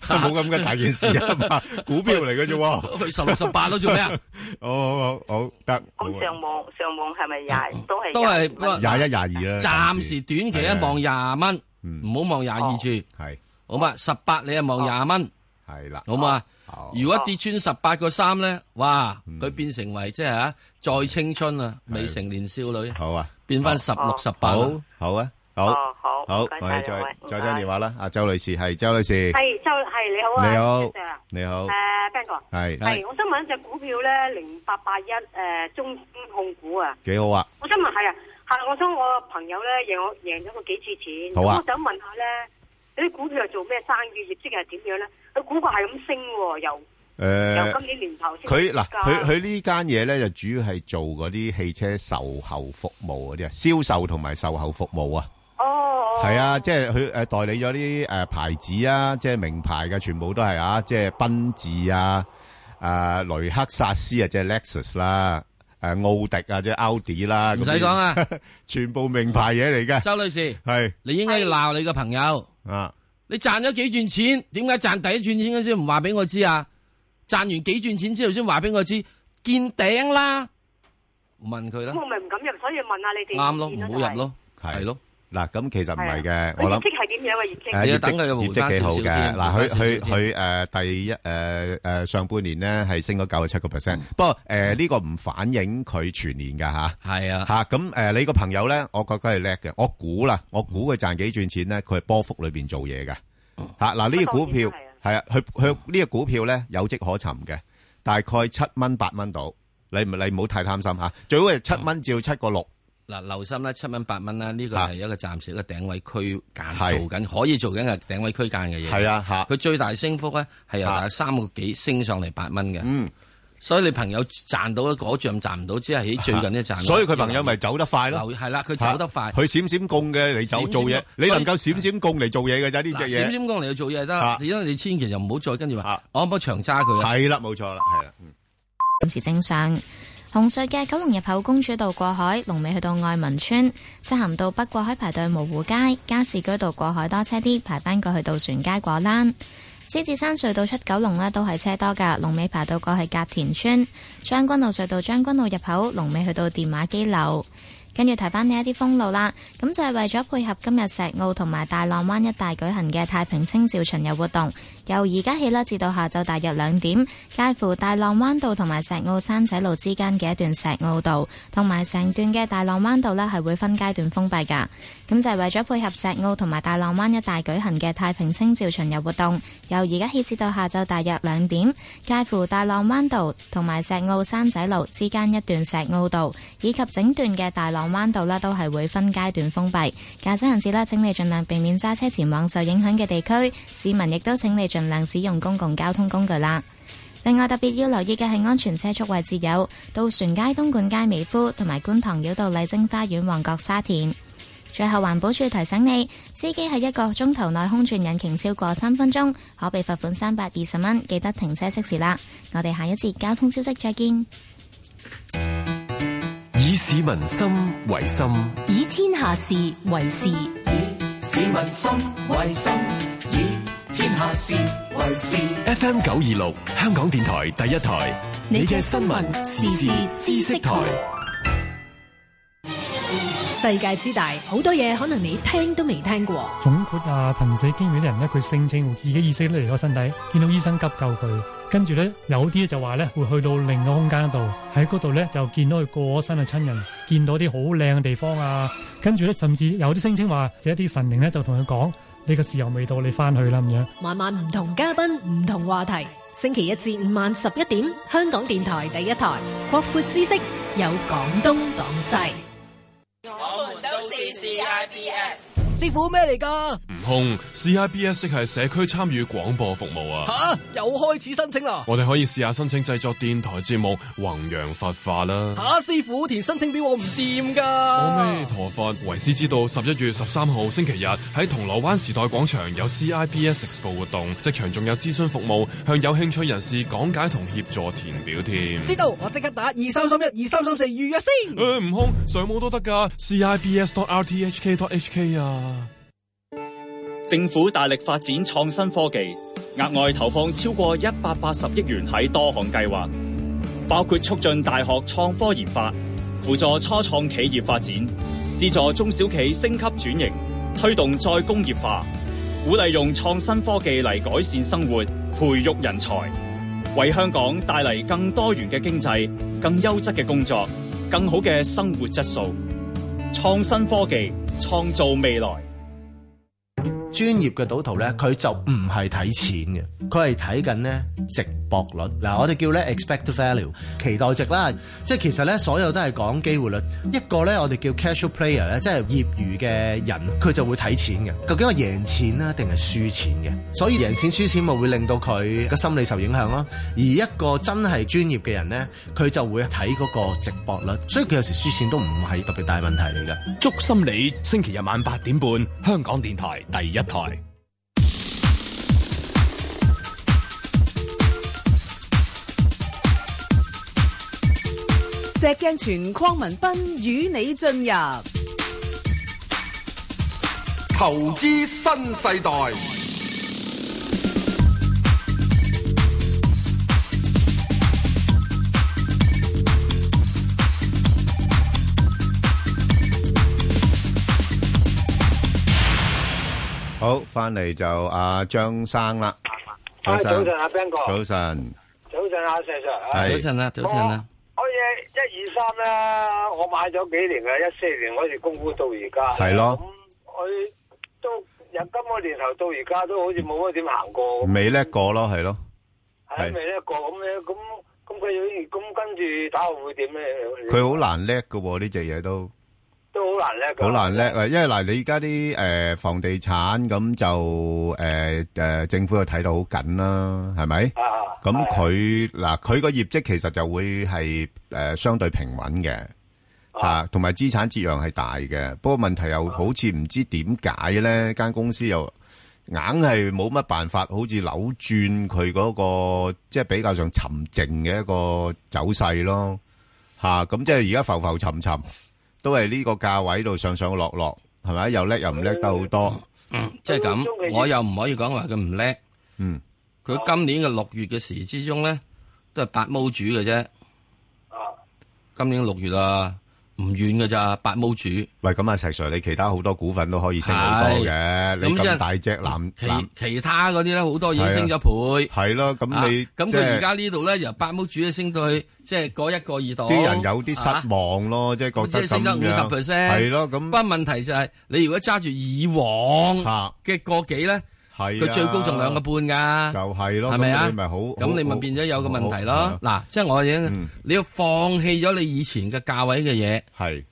冇咁嘅大件事啊！股票嚟嘅啫，十六十八都做咩啊？好好好，好得。咁上網上網係咪廿都係都係廿一廿二啦？暫時短期一望廿蚊，唔好望廿二住。係好嘛，十八你一望廿蚊，係啦，好嘛。如果跌穿十八個三咧，哇，佢變成為即係啊，再青春啊，未成年少女，好啊，變翻十六十八，好啊，好好好，我哋再再聽電話啦，阿周女士係，周女士係周係你好啊，你好，你好，誒 Ben 哥係係，我想問一隻股票咧，零八八一誒中控股啊，幾好啊，我想問係啊，係我想我朋友咧贏贏咗個幾次錢，好啊，我想問下咧。你啲股票又做咩生意？業績係點樣咧？佢股價係咁升又誒，今年年頭先佢嗱佢佢呢間嘢咧，就主要係做嗰啲汽車售後服務嗰啲啊，銷售同埋售後服務啊。哦，係啊，即係佢誒代理咗啲誒牌子啊，即係名牌嘅，全部都係啊，即係平治啊，誒雷克薩斯啊，即係 Lexus 啦，誒奧迪啊，即係 Audi 啦，唔使講啊，全部名牌嘢嚟嘅。周女士，係你應該要鬧你嘅朋友。啊！你賺咗幾轉錢？點解賺第一轉錢先唔話俾我知啊？賺完幾轉錢之後先話俾我知見頂啦？問佢啦。我咪唔敢入，所以問下你哋啱咯，唔好、就是、入咯，係咯的。嗱，咁其實唔係嘅，我諗業績係點樣嘅業績？業績幾好嘅，嗱，佢佢佢誒，第一誒誒，上半年咧係升咗九個七個 percent，不過誒呢個唔反映佢全年嘅吓，係啊吓，咁誒你個朋友咧，我覺得係叻嘅，我估啦，我估佢賺幾轉錢咧，佢係波幅裏邊做嘢嘅，吓嗱呢隻股票係啊，佢佢呢隻股票咧有迹可尋嘅，大概七蚊八蚊到，你唔你唔好太貪心吓，最好係七蚊至到七個六。嗱，留心啦，七蚊八蚊啦，呢個係一個暫時一個頂位區間做緊，可以做緊嘅頂位區間嘅嘢。係啊，佢最大升幅咧係由大三個幾升上嚟八蚊嘅。嗯，所以你朋友賺到嗰仗賺唔到，只係喺最近咧賺。所以佢朋友咪走得快咯，係啦，佢走得快，佢閃閃供嘅嚟走做嘢，你能夠閃閃供嚟做嘢嘅咋呢隻嘢？閃閃供嚟去做嘢得，因為你千祈就唔好再跟住話，我唔好長揸佢啦。係啦，冇錯啦，係啦，嗯，今次正上。紅隧嘅九龍入口公主道過海，龍尾去到愛民村；西行到北過海排隊蕪湖街，加士居道過海多車啲，排班過去渡船街果欄。獅子山隧道出九龍呢都係車多噶，龍尾排到過去甲田村將軍路隧道將軍路入口，龍尾去到電話機樓。跟住提翻呢一啲封路啦，咁就係為咗配合今日石澳同埋大浪灣一帶舉行嘅太平清醮巡遊活動。由而家起啦，至到下晝大約兩點，介乎大浪灣道同埋石澳山仔路之間嘅一段石澳道同埋成段嘅大浪灣道咧，係會分階段封閉噶，咁就係為咗配合石澳同埋大浪灣一帶舉行嘅太平清醮巡遊活動。由而家起至到下晝大約兩點，介乎大浪灣道同埋石澳山仔路之間一段石澳道以及整段嘅大浪灣道咧，都係會分階段封閉。駕駛人士咧，請你盡量避免揸車前往受影響嘅地區，市民亦都請你。盡量使用公共交通工具啦。另外特別要留意嘅係安全車速位置，有渡船街、東莞街、美孚同埋觀塘繞道麗晶花園、旺角沙田。最後環保署提醒你，司機喺一個鐘頭內空轉引擎超過三分鐘，可被罰款三百二十蚊。記得停車熄匙啦。我哋下一節交通消息再見。以心心以。以市民心為心，以天下事為事，以市民心為心。天下事，為事。FM 九二六，香港電台第一台。你嘅新聞時事知識台。世界之大，好多嘢可能你聽都未聽過。總括啊，瀕死經驗啲人咧，佢聲稱自己意識都離開身體，見到醫生急救佢，跟住咧有啲就話咧會去到另一個空間度，喺嗰度咧就見到佢過身嘅親人，見到啲好靚嘅地方啊。跟住咧，甚至有啲聲稱話，一啲神靈咧就同佢講。呢個時候未到，你翻去啦咁樣。晚晚唔同嘉賓，唔同話題。星期一至五晚十一點，香港電台第一台，擴闊知識有廣東廣西。我們都是 CIPS 師傅咩嚟㗎？悟空 CIBS 即係社區參與廣播服務啊！吓，又開始申請啦！我哋可以試下申請製作電台節目《弘揚佛法》啦！吓，師傅填申請表我唔掂噶！阿彌陀佛，為師知道十一月十三號星期日喺銅鑼灣時代廣場有 CIBS expo 活動，直場仲有諮詢服務，向有興趣人士講解同協助填表添。知道，我即刻打二三三一二三三四預約先。誒，悟空上網都得噶，CIBS dot RTHK dot HK 啊！政府大力發展創新科技，額外投放超過一百八十億元喺多項計劃，包括促進大學創科研發、輔助初創企業發展、資助中小企升級轉型、推動再工業化、鼓勵用創新科技嚟改善生活、培育人才，為香港帶嚟更多元嘅經濟、更優質嘅工作、更好嘅生活質素。創新科技創造未來。專業嘅賭徒咧，佢就唔係睇錢嘅，佢係睇緊咧值。博率嗱，我哋叫咧 expect value 期待值啦，即係其實咧所有都係講機會率。一個咧我哋叫 casual player 咧，即係業餘嘅人，佢就會睇錢嘅，究竟係贏錢啊定係輸錢嘅，所以贏錢輸錢咪會令到佢個心理受影響咯。而一個真係專業嘅人咧，佢就會睇嗰個直博率，所以佢有時輸錢都唔係特別大問題嚟嘅。捉心理星期日晚八點半，香港電台第一台。石鏡泉鄺民彬與你進入投資新世代。好，翻嚟就阿張、啊、生啦。早晨，阿 Ben 哥。早晨，早晨，阿 Sir。早晨啦，早晨啦。我嘢一二三啦，我買咗幾年嘅一四年，開始功夫到而家係咯，咁佢、嗯、都由今個年頭到而家都好似冇乜點行過未叻過咯，係、嗯、咯，係未叻過咁咧，咁咁佢咁跟住打會點咧？佢好難叻㗎喎，呢隻嘢都。都好難叻，好難叻，因為嗱，你而家啲誒房地產咁就誒誒，政府又睇到好緊啦，係咪？啊！咁佢嗱，佢個業績其實就會係誒相對平穩嘅吓，同埋資產折讓係大嘅。不過問題又好似唔知點解咧，間公司又硬係冇乜辦法，好似扭轉佢嗰個即係比較上沉靜嘅一個走勢咯吓。咁即係而家浮浮沉沉。都係呢個價位度上上落落，係咪？又叻又唔叻得好多。嗯，即係咁，我又唔可以講話佢唔叻。嗯，佢今年嘅六月嘅時之中咧，都係八毫子嘅啫。啊，今年六月啦。唔遠㗎咋，八毛主。喂，咁阿石 Sir，你其他好多股份都可以升好多嘅，咁大隻男。其其他嗰啲咧，好多已經升咗一倍。係咯，咁你。咁佢而家呢度咧，由八毛主都升到去，即係個一個二度。啲人有啲失望咯，即係個。即係升咗五十 percent，係咯咁。不過問題就係，你如果揸住以往嘅個幾咧。佢最高仲兩個半噶，就係咯，係咪啊？你咪好，咁你咪變咗有個問題咯。嗱，即係我已經你要放棄咗你以前嘅價位嘅嘢，係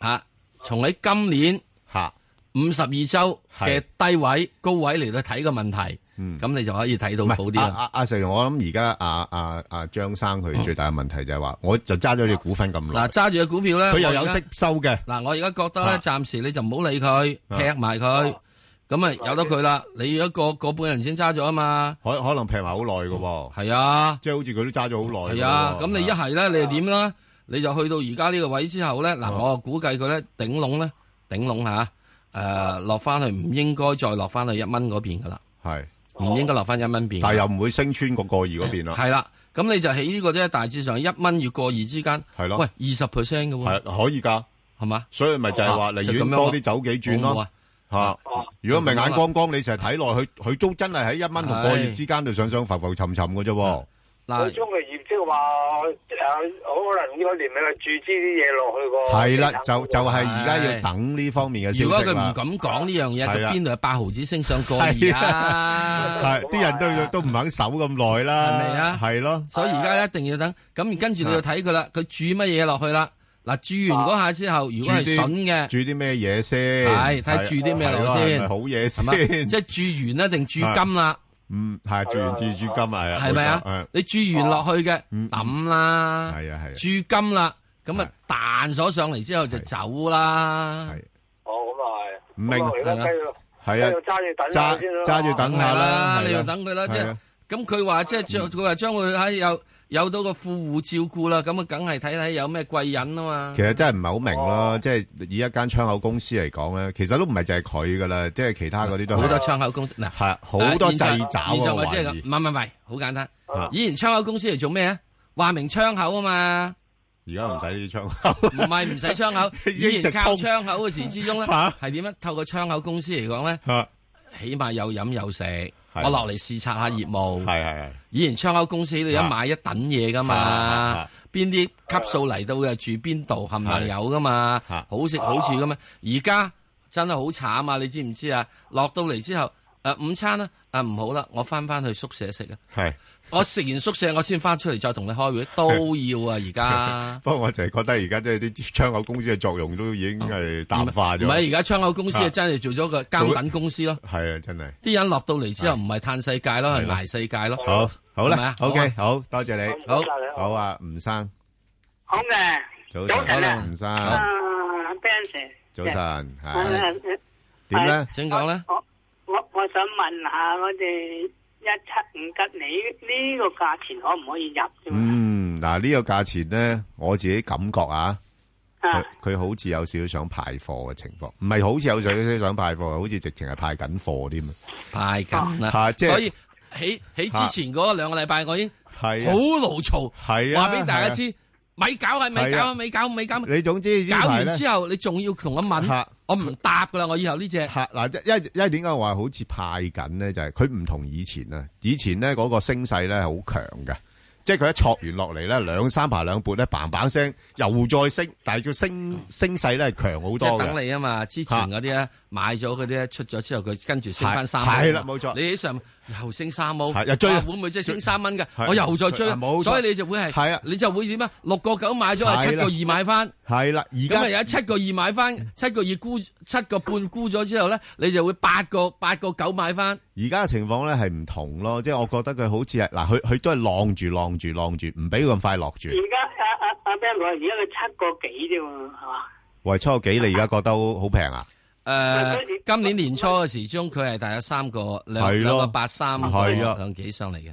嚇，從你今年嚇五十二周嘅低位高位嚟到睇個問題，咁你就可以睇到好啲。阿阿阿石，我諗而家阿阿阿張生佢最大嘅問題就係話，我就揸咗隻股份咁耐，嗱揸住隻股票咧，佢又有息收嘅。嗱，我而家覺得咧，暫時你就唔好理佢，劈埋佢。咁咪由得佢啦！你要一個嗰半人先揸咗啊嘛，可可能平埋好耐噶喎。係啊，即係好似佢都揸咗好耐。係啊，咁你一係咧，你點啦？你就去到而家呢個位之後咧，嗱，我估計佢咧頂籠咧頂籠吓，誒落翻去唔應該再落翻去一蚊嗰邊噶啦。係唔應該落翻一蚊邊。但係又唔會升穿個個二嗰邊咯。係啦，咁你就喺呢個啫，大致上一蚊與個二之間。係咯，喂，二十 percent 噶係可以噶，係嘛？所以咪就係話你寧願多啲走幾轉咯。吓，如果唔係眼光光，你成日睇落去，佢都真係喺一蚊同個月之間度上上浮浮沉沉嘅啫。嗱，佢終係即係話，好可能呢幾年咧注資啲嘢落去個。係啦，就就係而家要等呢方面嘅消息啦。如果佢唔敢講呢樣嘢，佢邊度有八毫子升上過億啊？啲人都都唔肯守咁耐啦，係咪啊？係咯，所以而家一定要等，咁跟住你要睇佢啦，佢注乜嘢落去啦？嗱，注完嗰下之後，如果係筍嘅，注啲咩嘢先？係睇注啲咩嚟先？好嘢先，即係注完一定注金啦？嗯，係注完注注金啊，係咪啊？你注完落去嘅，抌啦。係啊係。注金啦，咁啊彈咗上嚟之後就走啦。哦，咁啊係。明嚟啦，繼續。係啊，揸住等下先，揸住等下啦，你又等佢啦啫。咁佢話即係佢話將會喺有。有到個富戶照顧啦，咁啊，梗係睇睇有咩貴人啊嘛。其實真係唔係好明咯，即係以一間窗口公司嚟講咧，其實都唔係淨係佢噶啦，即係其他嗰啲都好多窗口公司嗱係好多製找嘅環節。唔係唔係，好簡單。以前窗口公司嚟做咩啊？話明窗口啊嘛。而家唔使呢啲窗口，唔係唔使窗口。以前靠窗口嘅時之中咧，係點樣？透過窗口公司嚟講咧，起碼有飲有食。我落嚟視察下業務，係，係以前窗口公司喺度一買一等嘢㗎嘛，邊啲級數嚟到嘅住邊度，係咪有㗎嘛？好食好住㗎嘛？而家真係好慘啊！你知唔知啊？落到嚟之後，誒、呃、午餐咧、啊，誒、啊、唔好啦，我返返去宿舍食啦。係。我食完宿舍，我先翻出嚟再同你開會都要啊！而家不過我就係覺得而家即係啲窗口公司嘅作用都已經係淡化咗。唔係而家窗口公司啊，真係做咗個監躉公司咯？係啊，真係。啲人落到嚟之後，唔係嘆世界咯，係捱世界咯。好，好啦。O K，好，多謝你。好，好啊，吳生。好嘅，早晨啊，吳生。啊，Benson。早晨，係點咧？請講咧？我我我想問下我哋。一七五吉，你呢個價錢可唔可以入啫？嗯，嗱，呢個價錢咧，我自己感覺啊，佢好似有少少想派貨嘅情況，唔係好似有少少想派貨，好似直情係派緊貨添啊！派緊啦，所以喺喺之前嗰兩個禮拜，我已經係好嘮嘈，係話俾大家知，咪搞啊，咪搞啊，咪搞咪搞，你總之搞完之後，你仲要同我問。我唔答噶啦，我以後呢、這、只、個。嚇嗱、啊，一一點解我話好似派緊咧？就係佢唔同以前啦。以前咧嗰個聲勢咧好強嘅，即係佢一挫完落嚟咧，兩三排兩撥咧嘭嘭聲，又再升。但係叫聲聲勢咧係強好多嘅。即等你啊嘛，之前嗰啲啊。啊買咗嗰啲咧，出咗之後佢跟住升翻三，係啦冇錯。你喺上又升三毫，又追、啊、會唔會即係升三蚊嘅？對我又再追，嗯、所以你就會係，你就會點啊？六個九買咗啊，七個二買翻，係啦。而家有七個二買翻，七個二估七個半估咗之後咧，你就會八個八個九買翻。而家嘅情況咧係唔同咯，即係我覺得佢好似係嗱，佢佢都係浪住浪住浪住，唔俾咁快落住。而家阿阿阿 Ben 講而家佢七個幾啫嘛，係嘛？喂，七個幾你而家覺得好平啊？誒，今年年初嘅時鐘佢係大約三個兩兩個八三兩兩幾上嚟嘅，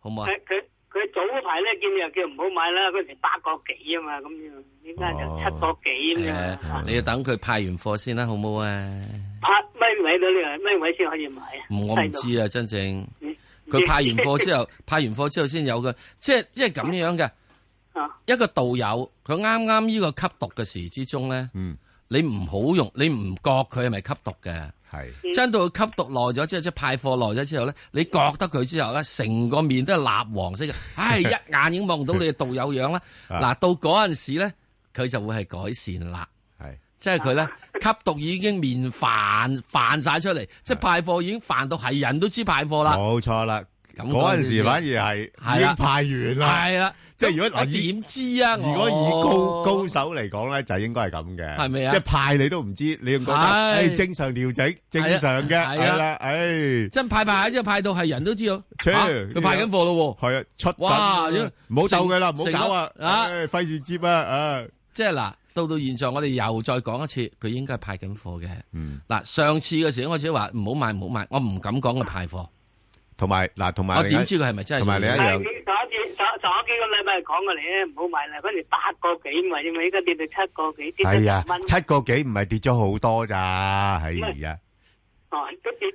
好唔好啊？佢佢早嗰排咧，見你又叫唔好買啦，嗰時八個幾啊嘛，咁樣，而家就七個幾，咁你要等佢派完貨先啦，好唔好啊？派咩位到你啊？咩位先可以買啊？我唔知啊，真正。佢派完貨之後，派完貨之後先有嘅，即係即係咁樣嘅。一個道友，佢啱啱呢個吸毒嘅事之中咧，嗯。你唔好用，你唔覺佢係咪吸毒嘅？係是，真到佢吸毒耐咗之後，即係派貨耐咗之後咧，你覺得佢之後咧，成個面都係蠟黃色嘅，唉、 (laughs) 哎，一眼已經望到你嘅道友樣啦。嗱， (laughs) 到嗰陣時咧，佢就會係改善啦，係， (laughs) 即係佢咧吸毒已經面泛泛晒出嚟， (laughs) 即係派貨已經泛到係人都知派貨啦。冇錯啦，嗰陣時反而係，係啦，派完啦，係啦、啊。 (laughs) (laughs) 即係如果嗱，點知啊？如果以高高手嚟講咧，就係應該係咁嘅，係咪啊？即係派你都唔知，你覺得誒正常調仔，正常嘅係啦，誒，真派派下之後派到係人都知道，佢派緊貨咯，係啊，出哇，唔好鬥佢啦，唔好搞啊，啊，費事接啊，啊，即係嗱，到到現場我哋又再講一次，佢應該係派緊貨嘅，嗱，上次嘅時我開始都話唔好賣，唔好賣，我唔敢講佢派貨，同埋嗱，同埋我點知佢係咪真係？同埋你一樣，講過你咧，唔好買啦，反而八個幾咪，咪依家跌到七個幾。係啊，七個幾唔係跌咗好多咋？係啊，哦，都跌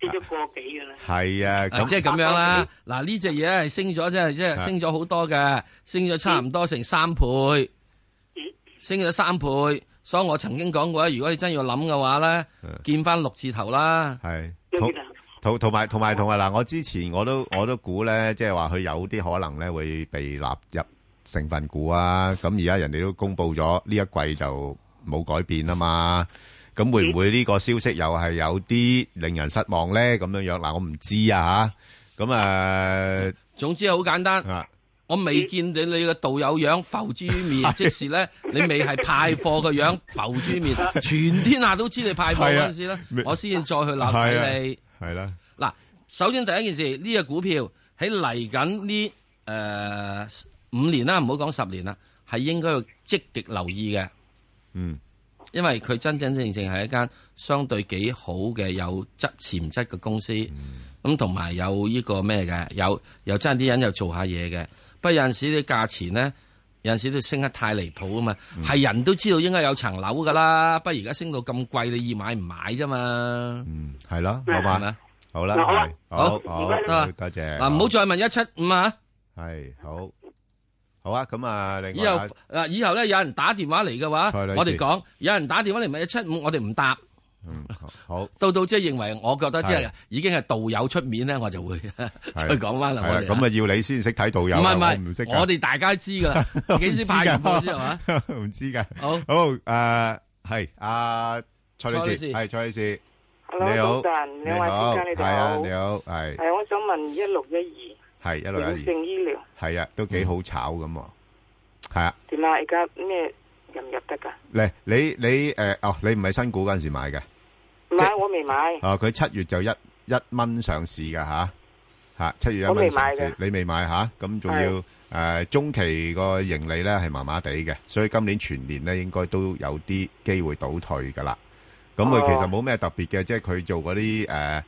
咗個幾噶啦。係啊，即係咁樣啦。嗱，呢隻嘢咧係升咗，即係即係升咗好多嘅，升咗差唔多成三倍，升咗三倍。所以我曾經講過咧，如果你真要諗嘅話咧，見翻六字頭啦。係。同同埋同埋同埋嗱，我之前我都我都估咧，即係話佢有啲可能咧會被納入成分股啊！咁而家人哋都公布咗呢一季就冇改變啊嘛，咁會唔會呢個消息又係有啲令人失望咧？咁樣樣嗱，我唔知啊吓，咁啊，總之好簡單，我未見到你個道友樣浮豬面，即時咧，你未係派貨嘅樣浮豬面，全天下都知你派貨嗰陣時咧，我先至再去留意你。係啦，嗱，首先第一件事，呢隻股票喺嚟緊呢誒五年啦，唔好講十年啦，係應該要積極留意嘅。嗯，因為佢真真正正係一間相對幾好嘅有質潛質嘅公司，咁同埋有呢個咩嘅，有有真啲人又做下嘢嘅，不過有陣時啲價錢咧。有陣時都升得太離譜啊嘛，係人都知道應該有層樓噶啦，不過而家升到咁貴，你意買唔買啫嘛？嗯，係咯，好嘛，好啦，好，好，吧好，多吧謝，謝。嗱、啊，唔好再問一七五啊。係，好，好啊。咁啊，啊，以後嗱，以後咧有人打電話嚟嘅話，我哋講，有人打電話嚟問一七五，的我哋唔士答。嗯，好到到即係認為，我覺得即係已經係導友出面咧，我就會去講翻啦。咁啊，要你先識睇導友，唔係唔係，唔識。我哋大家知噶啦，幾時派股先係嘛？唔知噶。好，好誒，係阿蔡女士，係蔡女士。你好，你好，係啊，你好，係。係我想問一六一二，係一六一二，正醫療，係啊，都幾好炒咁啊，係啊。點啊？而家咩入唔入得噶？咧，你你誒，哦，你唔係新股嗰陣時買嘅。即係，我未買。啊！佢七月就一一蚊上市㗎，嚇嚇七月一蚊上市，你未買嚇？咁仲要誒中期個盈利咧，係麻麻地嘅，所以今年全年咧應該都有啲機會倒退噶啦。咁佢其實冇咩特別嘅，即係佢做嗰啲誒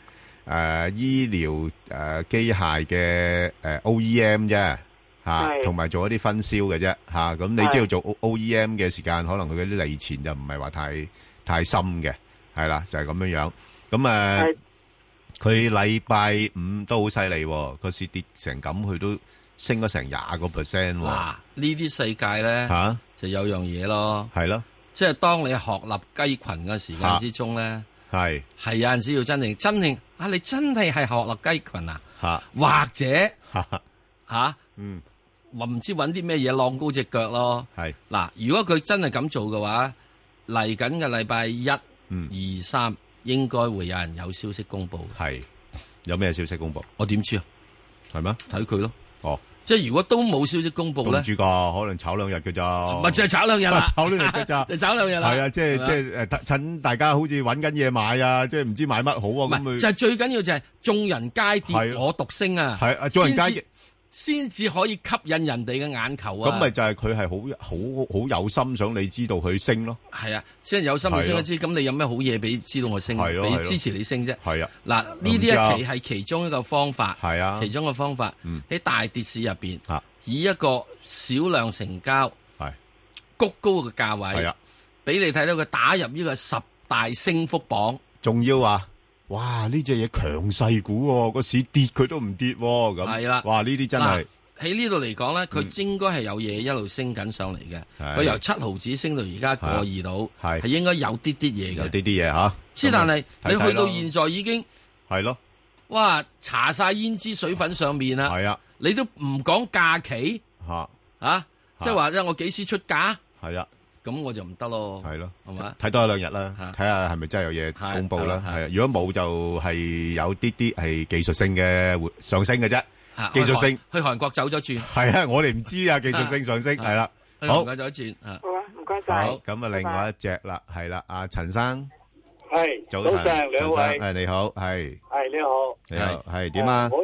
誒醫療誒機械嘅誒 OEM 啫嚇，同埋做一啲分銷嘅啫嚇。咁你知道做 OEM 嘅時間，可能佢嗰啲利錢就唔係話太太深嘅。係啦，就係咁樣樣。咁誒，佢禮拜五都好犀利，個市跌成咁，佢都升咗成廿個 percent。嗱、啊啊，呢啲世界咧吓、啊，就有樣嘢咯的，係咯，即係當你學立雞群嘅時間之中咧、啊，係係有陣時要真正，真正啊！你真係係學立雞群啊，啊或者吓、啊啊、嗯，我唔知搵啲咩嘢晾高隻腳咯。係嗱，如果佢真係咁做嘅話，嚟緊嘅禮拜一。嗯，二三應該會有人有消息公布。係，有咩消息公布？我點知啊？係咩？睇佢咯。哦，即係如果都冇消息公布咧，凍住噶，可能炒兩日嘅咋！咪就係炒兩日啦，炒兩日嘅咋，就炒兩日啦。係啊，即係即係誒，趁大家好似揾緊嘢買啊，即係唔知買乜好啊。咁就係最緊要就係眾人皆跌，我獨升啊！係啊，眾人皆先至可以吸引人哋嘅眼球啊！咁咪就係佢係好好好有心想你知道佢升咯。係啊，先係有心想升一升，咁你有咩好嘢俾知道我升，俾支持你升啫。係啊，嗱呢啲一期係其中一個方法，係啊，其中一個方法。喺大跌市入邊，以一個少量成交，係谷高嘅價位，係俾你睇到佢打入呢個十大升幅榜，仲要啊！哇！呢隻嘢強勢股喎，個市跌佢都唔跌喎，咁係啦。哇！呢啲真係喺呢度嚟講咧，佢應該係有嘢一路升緊上嚟嘅。佢由七毫子升到而家過二度，係係應該有啲啲嘢嘅，有啲啲嘢吓？即但係你去到現在已經係咯，哇！搽晒胭脂水粉上面啦，係啊，你都唔講假期嚇嚇，即係話咧，我幾時出價係啊？咁我就唔得咯，係咯，係嘛？睇多一兩日啦，睇下係咪真係有嘢公布啦？係，如果冇就係有啲啲係技術性嘅上升嘅啫，技術性。去韓國走咗轉，係啊！我哋唔知啊，技術性上升係啦。好，走咗轉啊，好啊，唔該晒。好，咁啊，另外一隻啦，係啦，阿陳生，係早晨，陳生，係你好，係係你好，你好，係點啊？好，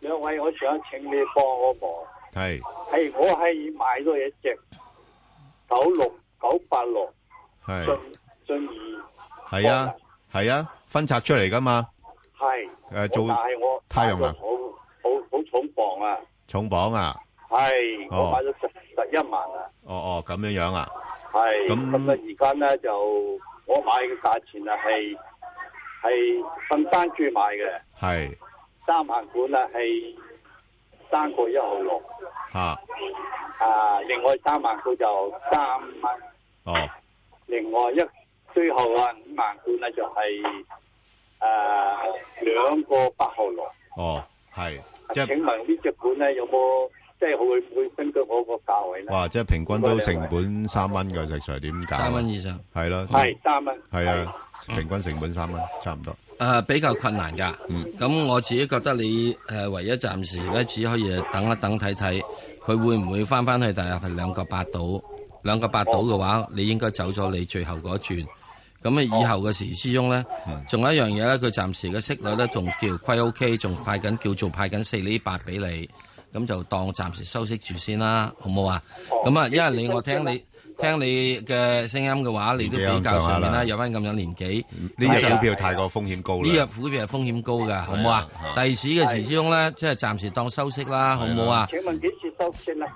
兩位，我想請你幫我忙，係係我係買咗一隻狗籠。九八六，進進二，係啊係啊，分拆出嚟噶嘛，係，誒做，但係我太陽啊，好好好重磅啊，重磅啊，係，我買咗十十一萬啊，哦哦，咁樣樣啊，係，咁咁啊，而家咧就我買嘅價錢啊係係分單注買嘅，係，三萬股啦係三個一號六，啊啊，另外三萬股就三萬。哦，另外一最後啊五萬股咧就係誒兩個八號樓。哦，係。即係請問本呢隻股咧有冇即係會唔會升到嗰個價位咧？哇，即係平均都成本三蚊嘅食材點解？三蚊是以上係咯。係三蚊。係啊，平均成本三蚊，差唔多。誒、呃，比較困難噶。嗯。咁我自己覺得你誒，唯一暫時咧只可以等一等睇睇，佢會唔會翻翻去大約係兩個八度？兩個八到嘅話，你應該走咗你最後嗰一轉。咁啊，以後嘅時之中咧，仲、嗯、有一樣嘢咧，佢暫時嘅息率咧，仲叫虧 O K，仲派緊叫做派緊四厘八俾你。咁就當暫時收息住先啦，好唔好啊？咁啊、哦，樣因為你我聽你聽你嘅聲音嘅話，你都比較上面啦，有翻咁樣年紀，呢隻股票太過風險高，呢隻股票係風險高噶，好唔好啊？第二時嘅時之中咧，即係暫時當收息啦，好唔好啊？請問幾時收息啦？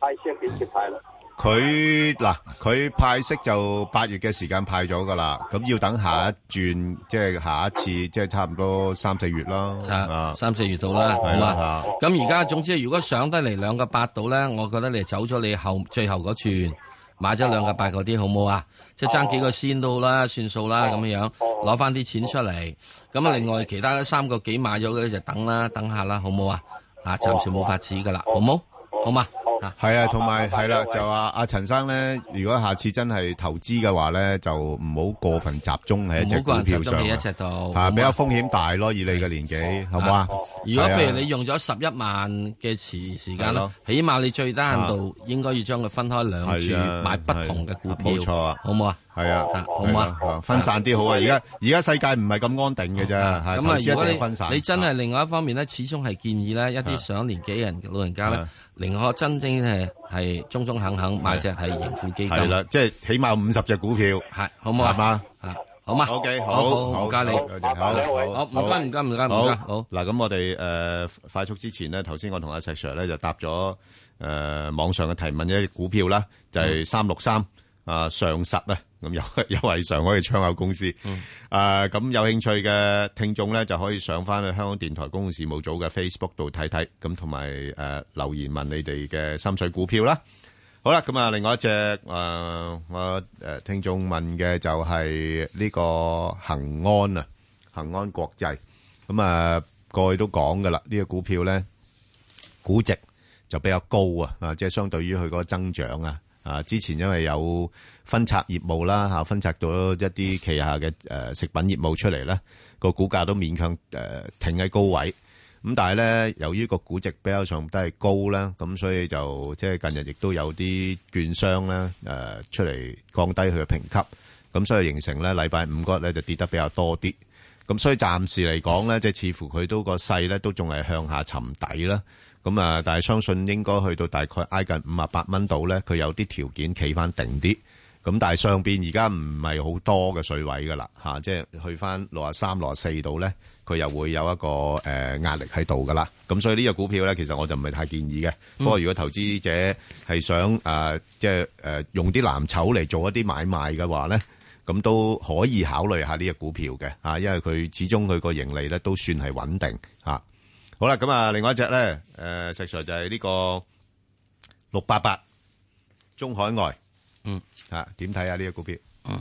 派、嗯、息幾、嗯、時啦？佢嗱，佢派息就八月嘅時間派咗噶啦，咁要等下一轉，即係下一次，即係差唔多三四月啦，差，啊，三四月到啦，好嘛？咁而家總之，如果上得嚟兩個八度咧，我覺得你走咗你後最後嗰轉買咗兩個八嗰啲好冇啊？即係爭幾個先到啦，算數啦，咁樣樣攞翻啲錢出嚟。咁啊，另外其他三個幾買咗嘅，咧就等啦，等下啦，好冇啊？啊，暫時冇法子噶啦，好冇？好嘛？好係啊，同埋係啦，就話阿陳生咧，如果下次真係投資嘅話咧，就唔好過分集中喺一隻股票上啊，比較風險大咯，以你嘅年紀，好唔好啊？如果譬如你用咗十一萬嘅時時間咯，起碼你最低限度應該要將佢分開兩次買不同嘅股票，冇錯啊，好唔好啊？係啊，好唔好啊？分散啲好啊！而家而家世界唔係咁安定嘅啫，咁啊，如果你你真係另外一方面咧，始終係建議咧，一啲上年紀嘅人、老人家咧，寧可真正。係係忠忠肯肯買只係盈富基金係啦，即係起碼五十隻股票係，好唔好啊嘛？啊，好嘛？O K，好，好加你，好唔該，唔該，唔該，唔該，好。嗱，咁我哋誒快速之前咧，頭先我同阿石 Sir 咧就答咗誒網上嘅提問，即係股票啦，就係三六三啊，上實啦。咁有有為上海嘅窗口公司，誒，咁有興趣嘅聽眾咧，就可以上翻去香港電台公共事務組嘅 Facebook 度睇睇，咁同埋誒留言問你哋嘅心水股票啦。好啦，咁啊，另外一隻誒，我誒聽眾問嘅就係呢個恒安啊，恒安國際，咁啊過去都講噶啦，呢個股票咧，估值就比較高啊，啊，即係相對於佢嗰個增長啊，啊，之前因為有。分拆業務啦，嚇分拆咗一啲旗下嘅誒食品業務出嚟咧，個股價都勉強誒停喺高位。咁但係咧，由於個估值比較上都係高啦，咁所以就即係近日亦都有啲券商咧誒出嚟降低佢嘅評級，咁所以形成咧禮拜五嗰日咧就跌得比較多啲。咁所以暫時嚟講咧，即係似乎佢都個勢咧都仲係向下沉底啦。咁啊，但係相信應該去到大概挨近五呀八蚊度咧，佢有啲條件企返定啲。咁但係上邊而家唔係好多嘅水位噶啦吓，即係去返六十三、六十四度咧，佢又會有一個誒壓力喺度噶啦。咁所以呢隻股票咧，其實我就唔係太建議嘅。不過如果投資者係想誒，即係誒用啲藍籌嚟做一啲買賣嘅話咧，咁都可以考慮下呢隻股票嘅啊，因為佢始終佢個盈利咧都算係穩定吓。好啦，咁啊，另外一隻咧誒，石 Sir 就係呢個六八八中海外。嗯，啊，點睇啊？呢個股票，嗯，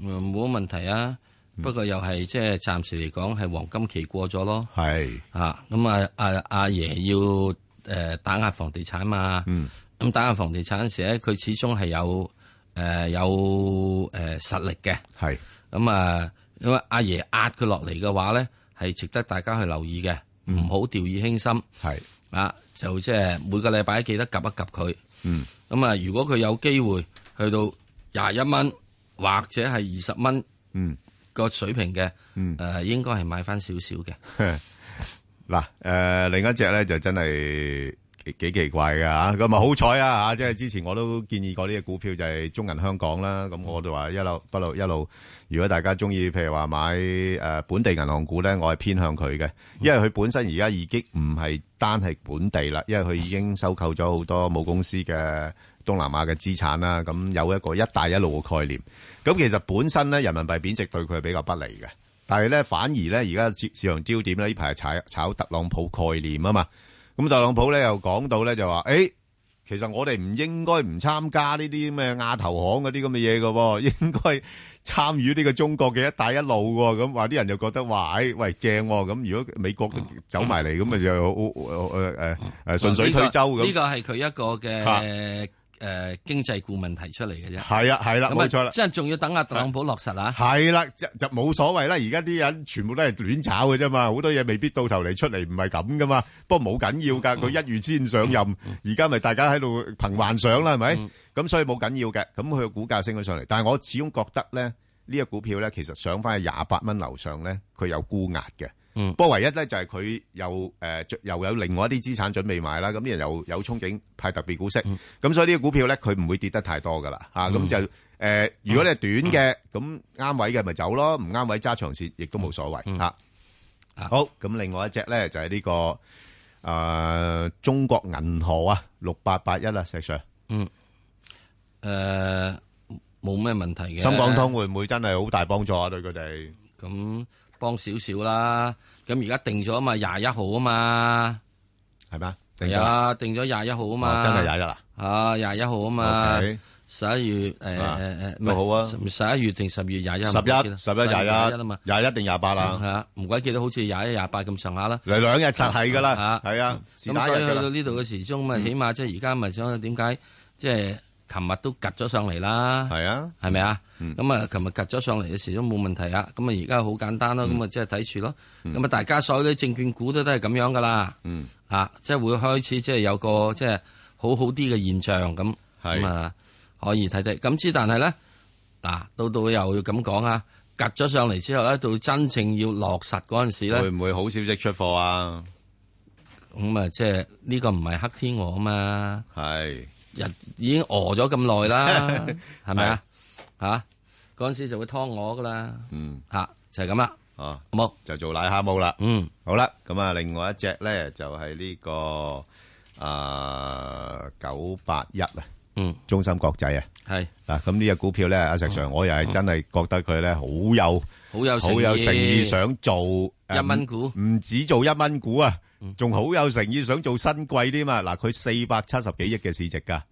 冇乜問題啊。嗯、不過又係即係暫時嚟講係黃金期過咗咯。係是啊，咁啊，阿阿爺要誒、呃、打壓房地產嘛。嗯，咁打壓房地產嗰時咧，佢始終係有誒、呃、有誒、呃、實力嘅。係咁是啊，因為阿爺壓佢落嚟嘅話咧，係值得大家去留意嘅，唔好、嗯、掉以輕心。係是啊，就即係每個禮拜記得及一及佢。嗯，咁啊，如果佢有機會。去到廿一蚊或者係二十蚊，嗯，個水平嘅，嗯，誒，應該係買翻少少嘅。嗱，誒，另一隻咧就真係幾幾奇怪㗎吓，咁咪好彩啊吓，即係之前我都建議過呢隻股票就係中銀香港啦，咁我就話一路不露一路，如果大家中意，譬如話買誒本地銀行股咧，我係偏向佢嘅，因為佢本身而家已經唔係單係本地啦，因為佢已經收購咗好多母公司嘅。東南亞嘅資產啦，咁有一個一帶一路嘅概念。咁其實本身咧，人民幣貶值對佢係比較不利嘅。但係咧，反而咧，而家市場焦點咧呢排係炒炒特朗普概念啊嘛。咁特朗普咧又講到咧就話：，誒，其實我哋唔應該唔參加呢啲咩亞投行嗰啲咁嘅嘢嘅，應該參與呢個中國嘅一帶一路。咁話啲人又覺得話：，誒，喂，正咁。如果美國都走埋嚟，咁咪就誒誒誒順水推舟。咁呢個係佢一個嘅。誒，經濟顧問提出嚟嘅啫，係啊，係啦，冇錯啦，即係仲要等阿特朗普落實啊，係啦，就就冇所謂啦。而家啲人全部都係亂炒嘅啫嘛，好多嘢未必到頭嚟出嚟唔係咁㗎嘛。不過冇緊要㗎，佢一月先上任，而家咪大家喺度憑幻想啦，係咪？咁所以冇緊要嘅。咁佢個股價升咗上嚟，但係我始終覺得咧，呢個股票咧其實上返去廿八蚊樓上咧，佢有估壓嘅。嗯，不過唯一咧就係佢有誒，又有另外一啲資產準備買啦，咁啲人又有憧憬派特別股息，咁所以呢個股票咧佢唔會跌得太多噶啦，嚇咁就誒，如果你係短嘅，咁啱位嘅咪走咯，唔啱位揸長線亦都冇所謂嚇。好，咁另外一隻咧就係呢個啊中國銀河啊六八八一啦，石 Sir。嗯，誒冇咩問題嘅。深港通會唔會真係好大幫助啊？對佢哋咁幫少少啦。咁而家定咗嘛廿一號啊嘛，係嘛？係啊，定咗廿一號啊嘛。哦，真係廿一啦。啊，廿一號啊嘛。十一月誒誒誒，好啊。十一月定十二月廿一。十一十一廿一啊嘛。廿一定廿八啦。係啊，唔鬼記得，好似廿一廿八咁上下啦。嚟兩日實係噶啦。係啊，咁所以去到呢度嘅時鐘，咪起碼即係而家咪想點解即係。琴日都趌咗上嚟啦，係啊，係咪啊？咁啊、嗯，琴日趌咗上嚟嘅時都冇問題啊。咁啊，而家好簡單啦，咁啊、嗯，即係睇住咯。咁啊、嗯，大家所有啲證券股都都係咁樣噶啦。嗯，啊，即係會開始即係有個即係好好啲嘅現象咁。咁啊是、嗯，可以睇睇。咁之但係咧，嗱、啊，到到又要咁講啊，趌咗上嚟之後，咧到真正要落實嗰陣時咧，會唔會好消息出貨啊？咁啊、嗯，即係呢、這個唔係黑天鵝啊嘛。係。人已經餓咗咁耐啦，係咪啊？嚇，嗰陣時就會劏我噶啦。嗯，嚇就係咁啦。哦，冇就做奶下冇啦。嗯，好啦，咁啊，另外一隻咧就係呢個啊九八一啊。嗯，中心國際啊。係嗱，咁呢隻股票咧，阿石 sir，我又係真係覺得佢咧好有好有好有誠意想做一蚊股，唔止做一蚊股啊！仲好有誠意，想做新貴啲嘛？嗱，佢四百七十幾億嘅市值噶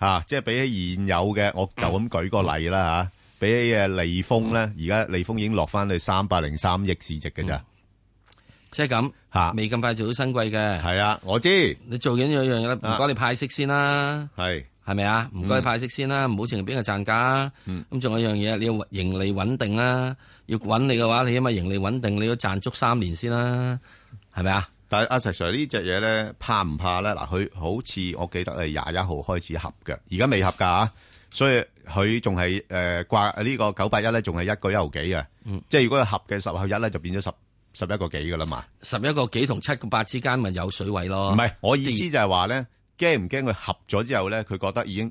吓、啊，即係比起現有嘅，我就咁舉個例啦吓、啊，比起誒利豐咧，而家利豐已經落翻去三百零三億市值嘅咋、嗯，即係咁吓，未咁、啊、快做到新貴嘅係啊。我知你做緊有樣嘢，唔該、啊、你派息先啦，係係咪啊？唔該是派息先啦、啊，唔好淨係俾個賺價、啊。咁仲、嗯、有一樣嘢，你要盈利穩定啦、啊。要穩你嘅話，你起碼盈利穩定，你要賺足三年先啦，係咪啊？但阿石 Sir 呢隻嘢咧怕唔怕咧？嗱，佢好似我記得係廿一號開始合嘅，而家未合㗎啊！所以佢仲係誒掛呢個九八一咧，仲係一個一毫幾啊！即係如果佢合嘅十合一咧，就變咗十十一個幾㗎啦嘛！十一個幾同七個八之間咪有水位咯？唔係，我意思就係話咧驚唔驚佢合咗之後咧，佢覺得已經。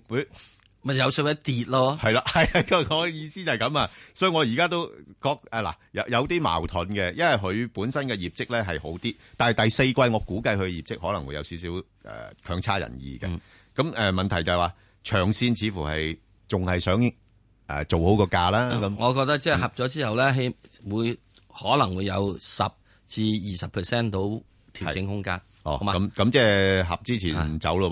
咪有上一跌咯，係啦，係啊，我嘅意思就係咁啊，所以我而家都覺得誒嗱有有啲矛盾嘅，因為佢本身嘅業績咧係好啲，但係第四季我估計佢業績可能會有少少誒強差人意嘅，咁誒問題就係話長線似乎係仲係想誒做好個價啦。咁我覺得即係合咗之後咧，會可能會有十至二十 percent 到調整空間。哦，咁咁即係合之前走咯，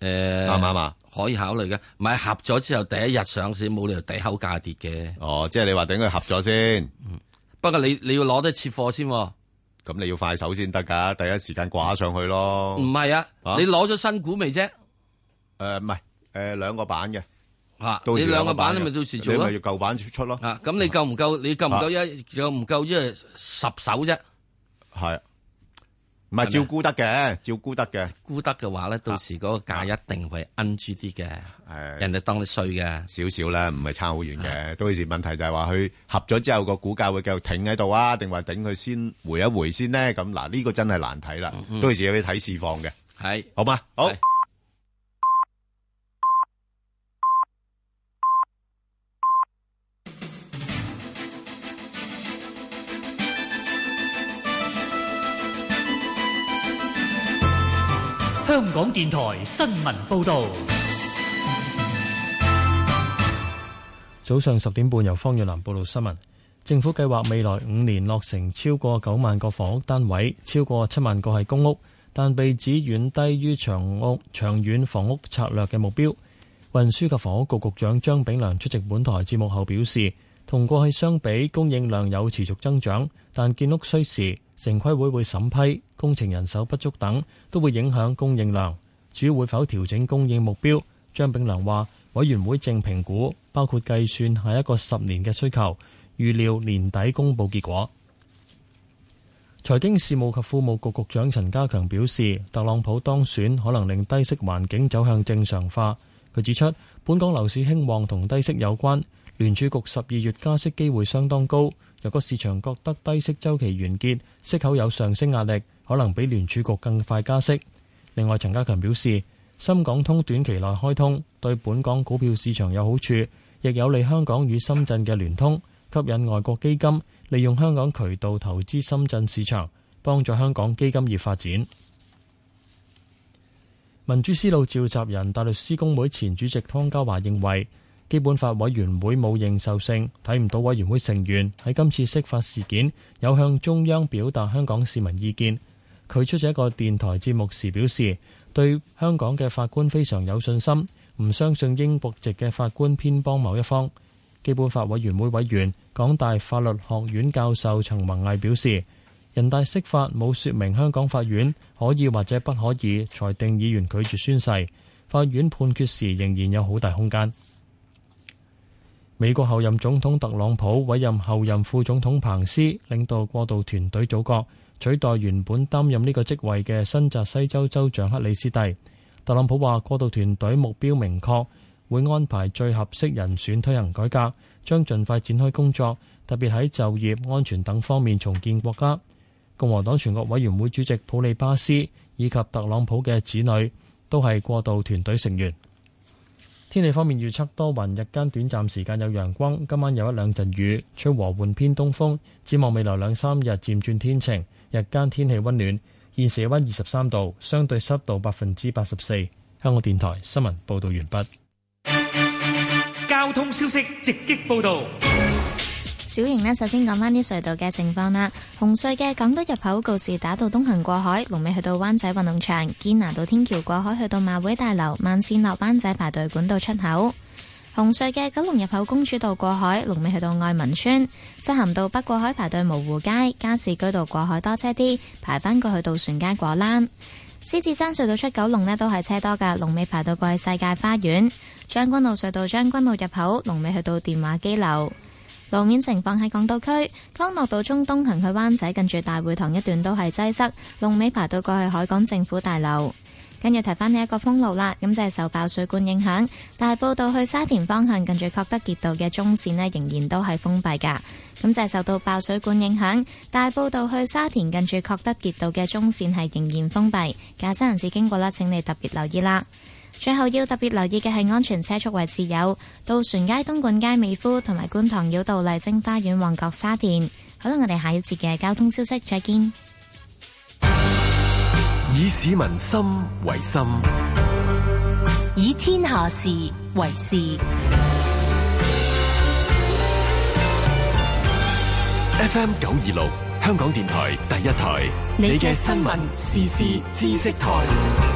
誒，啱唔啱啊？可以考慮嘅，唔係合咗之後第一日上市冇理由抵口價跌嘅。哦，即係你話等佢合咗先、嗯。不過你你要攞得切貨先、哦，咁你要快手先得噶，第一時間掛上去咯。唔係啊，啊你攞咗新股未啫？誒唔係，誒兩個板嘅吓，你、呃、兩個版你咪、啊、到時做咯，版你咪要舊版出出咯。啊，咁你夠唔夠？你夠唔夠一？啊、有唔夠一，夠一夠十,十手啫？係、啊。唔係照估得嘅，照估得嘅估得嘅話咧，到時嗰個價一定會奀住啲嘅，啊、人哋當你衰嘅，少少啦，唔係差好遠嘅。啊、到時問題就係話佢合咗之後個股價會繼續挺喺度啊，定話頂佢先回一回先呢？咁嗱呢個真係難睇啦，嗯嗯到時有要睇市況嘅，係是好嘛，好。香港電台新聞報道，早上十點半，由方楊南城規會會審批，工程人手不足等都會影響供應量，至於會否調整供應目標，張炳良話委員會正評估，包括計算下一個十年嘅需求，預料年底公佈結果。財經事務及庫務局局長陳家強表示，特朗普當選可能令低息環境走向正常化。佢指出，本港樓市興旺同低息有關，聯儲局十二月加息機會相當高。若果市場覺得低息周期完結，息口有上升壓力，可能比聯儲局更快加息。另外，陳家強表示，深港通短期內開通對本港股票市場有好處，亦有利香港與深圳嘅聯通，吸引外國基金利用香港渠道投資深圳市場，幫助香港基金業發展。民主思路召集人大律師公會前主席湯家驊認為，基本法委員會冇認受性，睇唔到委員會成員喺今次釋法事件有向中央表達香港市民意見。佢出席一個電台節目時表示，對香港嘅法官非常有信心，唔相信英國籍嘅法官偏幫某一方。基本法委員會委員、港大法律學院教授陳文毅表示，人大釋法冇說明香港法院可以或者不可以裁定議員拒絕宣誓，法院判決時仍然有好大空間。美國候任總統特朗普委任候任副總統彭斯領導過渡團隊組閣，取代原本擔任呢個職位嘅新澤西州州長克里斯蒂。特朗普話過渡團隊目標明確，會安排最合適人選推行改革，將盡快展開工作，特別喺就業、安全等方面重建國家。共和黨全國委員會主席普利巴斯以及特朗普嘅子女都係過渡團隊成員。天氣方面預測多雲，日間短暫時間有陽光，今晚有一兩陣雨，吹和緩偏東風。展望未來兩三日漸轉天晴，日間天氣溫暖。現時氣溫二十三度，相對濕度百分之八十四。香港電台新聞報道完畢。交通消息直擊報道。小瑩呢，首先講返啲隧道嘅情況啦。紅隧嘅港島入口告士打道東行過海，龍尾去到灣仔運動場；堅拿道天橋過海去到馬會大樓。慢線落灣仔排隊管道出口。紅隧嘅九龍入口公主道過海，龍尾去到愛民村；漆咸道北過海排隊蕪湖街；加士居道過海多車啲，排返過去到船街果欄。獅子山隧道出九龍呢，都係車多㗎，龍尾排到過去世界花園。將軍路隧道將軍路入口，龍尾去到電話機樓。路面情況喺港島區，干諾道中東行去灣仔，近住大會堂一段都係擠塞，龍尾爬到過去海港政府大樓。跟住提翻呢一個封路啦，咁就係受爆水管影響，大埔道去沙田方向，近住確德傑道嘅中線呢，仍然都係封閉噶。咁就係受到爆水管影響，大埔道去沙田近住確德傑道嘅中線係仍然封閉，駕駛人士經過啦，請你特別留意啦。最後要特別留意嘅係安全車速位置，有渡船街、東莞街、美孚同埋觀塘繞道麗晶花園、旺角沙田。好啦，我哋下一節嘅交通消息再見。以市民心為心，以天下事為事。FM 九二六香港電台第一台，你嘅新聞時事知識台。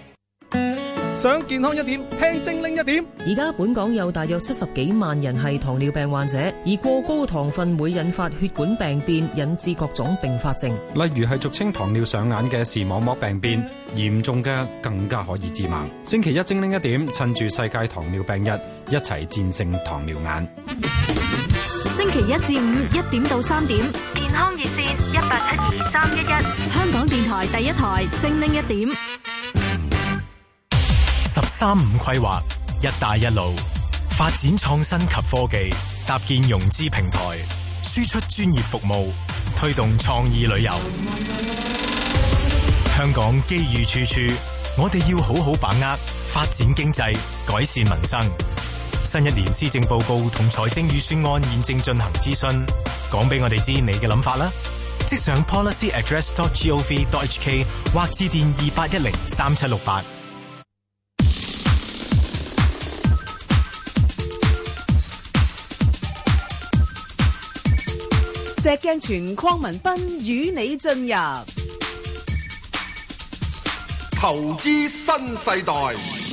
想健康一點，聽精靈一點。而家本港有大約七十幾萬人係糖尿病患者，而過高糖分會引發血管病變，引致各種併發症，例如係俗稱糖尿上眼嘅視網膜病變，嚴重嘅更加可以致盲。星期一精靈一點，趁住世界糖尿病日，一齊戰勝糖尿眼。星期一至五一點到三點，健康熱線一八七二三一一，香港電台第一台，精靈一點。十三五規劃、一帶一路發展創新及科技，搭建融資平台，輸出專業服務，推動創意旅遊。香港機遇處處，我哋要好好把握，發展經濟，改善民生。新一年施政報告同財政預算案現正進行諮詢，講俾我哋知你嘅諗法啦。即上 policyaddress.gov.hk 或致電二八一零三七六八。石鏡泉鄺民彬與你進入投資新世代。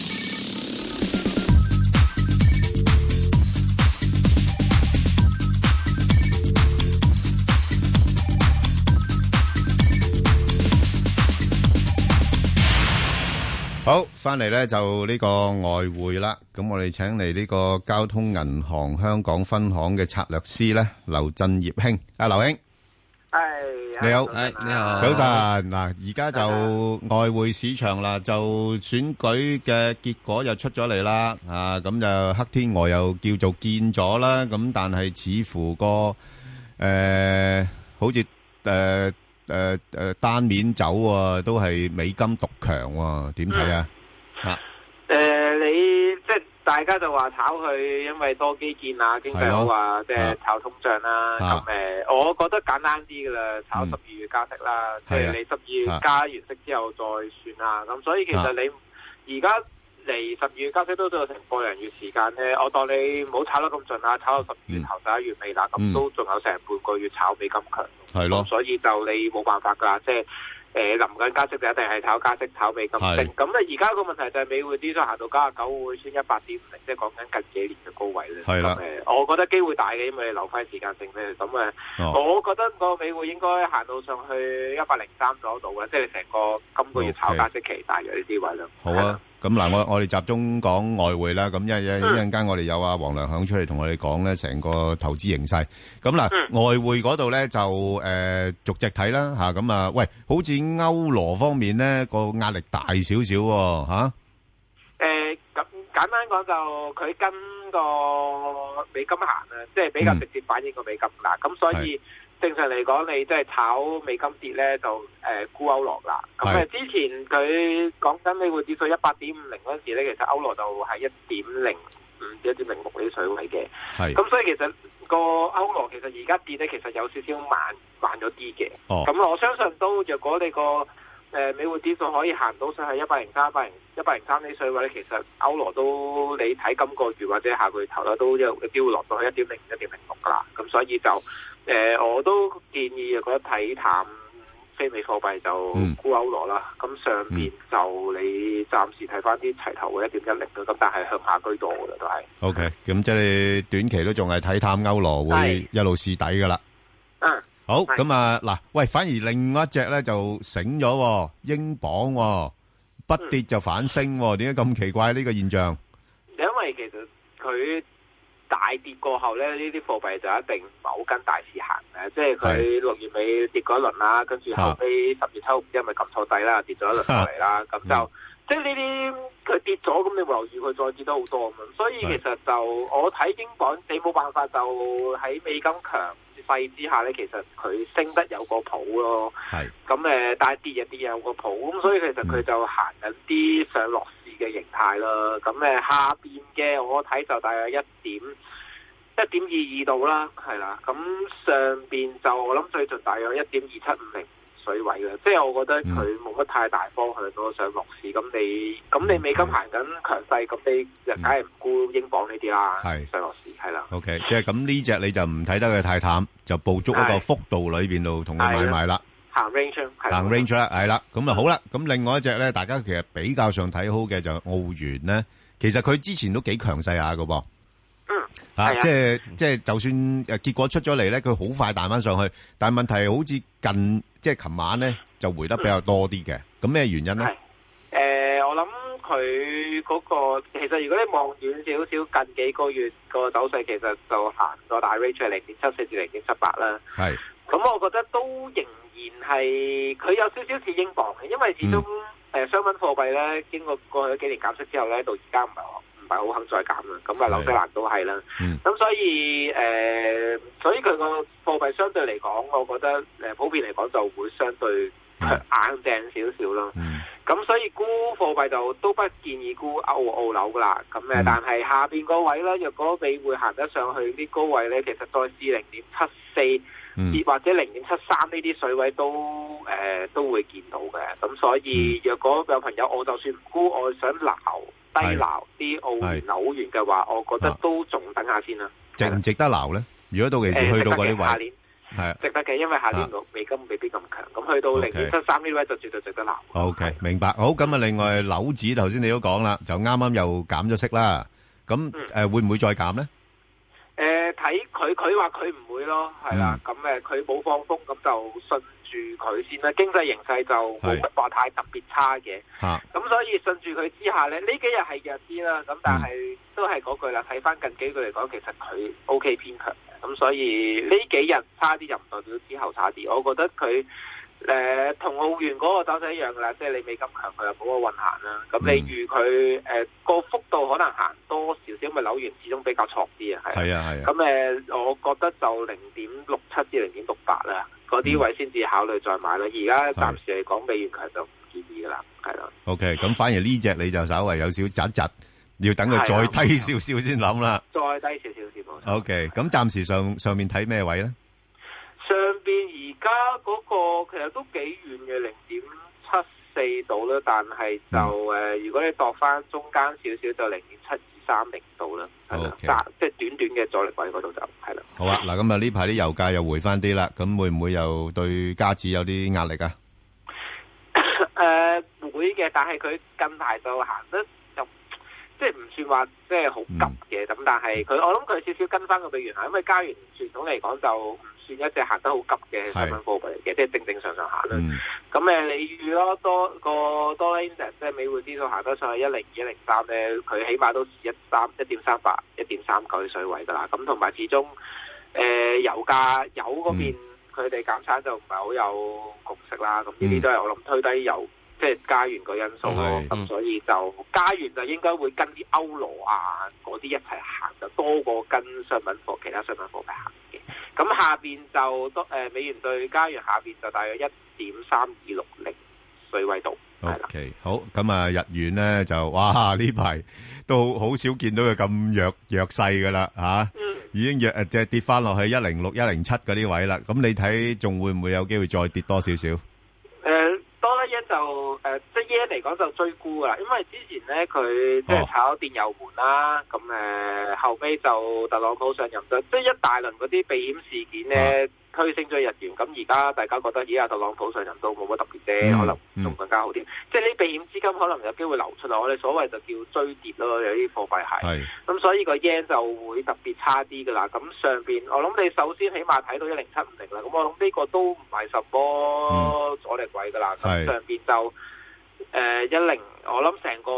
好，翻嚟咧就呢個外匯啦，咁我哋請嚟呢個交通銀行香港分行嘅策略師咧，劉振業兄，阿劉兄，係你好，你好，早晨。嗱，而家就外匯市場啦，就選舉嘅結果又出咗嚟啦，啊，咁就黑天鵝又叫做見咗啦，咁但係似乎個誒，好似誒。誒誒、呃呃，單面走啊，都係美金獨強喎，點睇啊？吓誒，你即係大家就話炒佢，因為多基建啊，經濟好啊，即係炒通脹啦，啊。咁誒、啊，我覺得簡單啲噶啦，炒十二月加息啦。即係你十二月加完息之後再算啦。咁所以其實你而家，啊嚟十二月加息都都有成個零月時間咧，我當你唔好炒得咁盡啦，炒到十二月、嗯、頭十一月尾啦，咁都仲有成半個月炒美金強。係咯的、嗯，所以就你冇辦法㗎，即係誒臨近加息就一定係炒加息炒美金升。咁咧而家個問題就係美匯啲都行到九十九會先一百點零，即係講緊近幾年嘅高位咧。係啦，我覺得機會大嘅，因為你留翻時間性咧。咁啊，哦、我覺得個美匯應該行到上去一百零三左度嘅，即係成個今個月炒加息期大約呢啲位啦。好啊。咁嗱，我我哋集中講外匯啦。咁一一陣間我哋有阿黃良響出嚟同我哋講咧，成個投資形勢。咁嗱，外匯嗰度咧就誒，逐隻睇啦吓。咁啊，喂，好似歐羅方面咧個壓力大少少吓。誒，咁簡單講就，佢跟個美金行啊，即係比較直接反映個美金嗱。咁所以。正常嚟講，你即係炒美金跌咧，就誒、呃、沽歐羅啦。咁誒之前佢講緊你會跌到一百點五零嗰陣時咧，其實歐羅就係一點零，五至一點零六呢啲水位嘅。係咁是，所以其實個歐羅其實而家跌咧，其實有少少慢慢咗啲嘅。哦，咁我相信都若果你個。誒，美匯指數可以行到上去一百零三、一百零一百零三呢水位咧，其實歐羅都你睇，今個月或者下個月頭咧，都一一啲會落到去一點零、一點零六噶啦。咁所以就誒，我都建議如果睇淡非美貨幣就沽歐羅啦。咁上邊就你暫時睇翻啲齊頭會一點一零嘅，咁但係向下居多噶啦，都係。O K. 咁即係你短期都仲係睇淡歐羅會一路試底噶啦、嗯。嗯。好咁啊！嗱，喂，反而另一隻咧就醒咗，英鎊不跌就反升，點解咁奇怪呢個現象？因為其實佢大跌過後咧，呢啲貨幣就一定唔係好跟大市行嘅，即係佢六月尾跌咗一輪啦，跟住後尾十月初唔哈知係咪撳錯底啦，跌咗一輪落嚟啦，咁哈就。嗯即係呢啲佢跌咗，咁你冇留意佢再跌得好多啊嘛！所以其實就我睇英鎊，你冇辦法就喺美金強勢之下咧，其實佢升得有個譜咯。係咁誒，但係跌嘅跌有個譜，譜，咁所以其實佢就行緊啲上落市嘅形態咯。咁誒，下邊嘅我睇就大約一點一點二二度啦，係啦。咁上邊就我諗最近大約一點二七五零。取位嘅，即係我覺得佢冇乜太大方向咯，想落市。咁你咁你美金行緊強勢，咁你又梗係唔沽英鎊呢啲啦。係想落市，係啦。OK，即係咁呢隻你就唔睇得佢太淡，就捕捉一個幅度裏邊度同佢買賣啦。行 range，行 range 啦，係啦。咁啊好啦，咁另外一隻咧，大家其實比較上睇好嘅就澳元咧，其實佢之前都幾強勢下㗎噃。嗯，啊，啊即係即係，就算誒結果出咗嚟咧，佢好快彈翻上去。但係問題好似近即係琴晚咧就回得比較多啲嘅，咁咩、嗯、原因咧？誒、呃，我諗佢嗰個其實如果你望遠少少近幾個月個走勢，其實就行咗大 range 係零點七四至零點七八啦。係是，咁我覺得都仍然係佢有少少似英鎊嘅，因為始終誒、嗯呃、商品貨幣咧經過過去幾年減息之後咧，到而家唔係。唔係好肯再減啦，咁啊紐西蘭都係啦，咁、嗯、所以誒、呃，所以佢個貨幣相對嚟講，我覺得誒、呃、普遍嚟講就會相對硬淨少少咯，咁、嗯、所以沽貨幣就都不建議沽澳澳樓噶啦，咁誒，但係下邊個位咧，若果你會行得上去啲高位咧，其實都係至零點七四。亦或者零點七三呢啲水位都誒都會見到嘅，咁所以若果有朋友我就算沽，我想撈低撈啲澳元紐元嘅話，我覺得都仲等下先啦。值唔值得撈咧？如果到其時去到嗰啲位，係值得嘅，因為下年個美金未必咁強。咁去到零點七三呢位就絕對值得撈。OK，明白。好，咁啊，另外樓指頭先你都講啦，就啱啱又減咗息啦，咁誒會唔會再減咧？誒，睇佢、呃，佢話佢唔會咯，係啦，咁誒、嗯，佢冇、嗯、放風，咁就信住佢先啦。經濟形勢就冇乜話太特別差嘅，咁、啊、所以信住佢之下咧，呢幾日係弱啲啦，咁但係、嗯、都係嗰句啦，睇翻近幾句嚟講，其實佢 OK 偏強，咁所以呢幾日差啲就唔代表之後差啲，我覺得佢。誒、呃，同澳元嗰個走勢一樣噶啦，即係你未咁強，佢又冇個運行啦。咁你預佢誒個幅度可能行多少少，咪扭完始終比較挫啲啊，係啊。咁誒、嗯，我覺得就零點六七至零點六八啦，嗰啲位先至考慮再買啦。而家暫時嚟講，美元強就唔建議噶啦，係咯。OK，咁反而呢隻你就稍微有少窒窒，要等佢再低少少先諗啦。再低少少先好。OK，咁暫時上上面睇咩位咧？上。而家嗰個其實都幾遠嘅零點七四度啦，但係就誒，嗯、如果你度翻中間少少就零點七二三零度啦，係啦 Okay.、啊，即、就、係、是、短短嘅阻力位嗰度就係啦。好啊，嗱咁啊，呢排啲油價又回翻啲啦，咁會唔會又對加持有啲壓力啊？誒、呃、會嘅，但係佢近排就行得就即係唔算話即係好急嘅。咁、嗯、但係佢我諗佢少少跟翻個美元，因為加元傳統嚟講就。算一隻行得好急嘅商品貨幣嚟嘅，即係正正常常行啦。咁誒，你預咯多個多倫多即係美匯指數行得上去一零二、一零三咧，佢起碼都是一三一點三八、一點三九嘅水位噶啦。咁同埋始終誒、呃、油價油嗰邊佢哋、嗯、減產就唔係好有共識啦。咁呢啲都係我諗推低油，即係加元個因素咯。咁、嗯、所以就加元就應該會跟啲歐羅啊嗰啲一齊行，就多過跟商品貨其他商品貨幣行嘅。咁下邊就多誒、呃、美元對加元下邊就大約一點三二六零水位度，係啦 Okay. 的。O K，好咁啊，日元咧，就哇呢排都好少見到佢咁弱弱勢㗎啦嚇，啊嗯、已經弱即係、呃、跌翻落去一零六一零七嗰啲位啦。咁你睇仲會唔會有機會再跌多少少？嗯就誒，即係而家嚟講就追沽啊，因為之前咧佢即係炒電油門啦，咁誒後尾就特朗普上任就即係一大輪嗰啲避險事件咧。 (music) (music) (music) (music) 推升咗日元，咁而家大家覺得而家特朗普上任都冇乜特別啫，可能仲更加好啲。即係啲避險資金可能有機會流出啊！我哋所謂就叫追跌咯，有啲貨幣係。係是。咁所以個 yen 就會特別差啲㗎啦。咁上邊我諗你首先起碼睇到一零七五零啦。咁我諗呢個都唔係什麼阻力位㗎啦。係、嗯。上邊就誒一零，呃、10, 我諗成個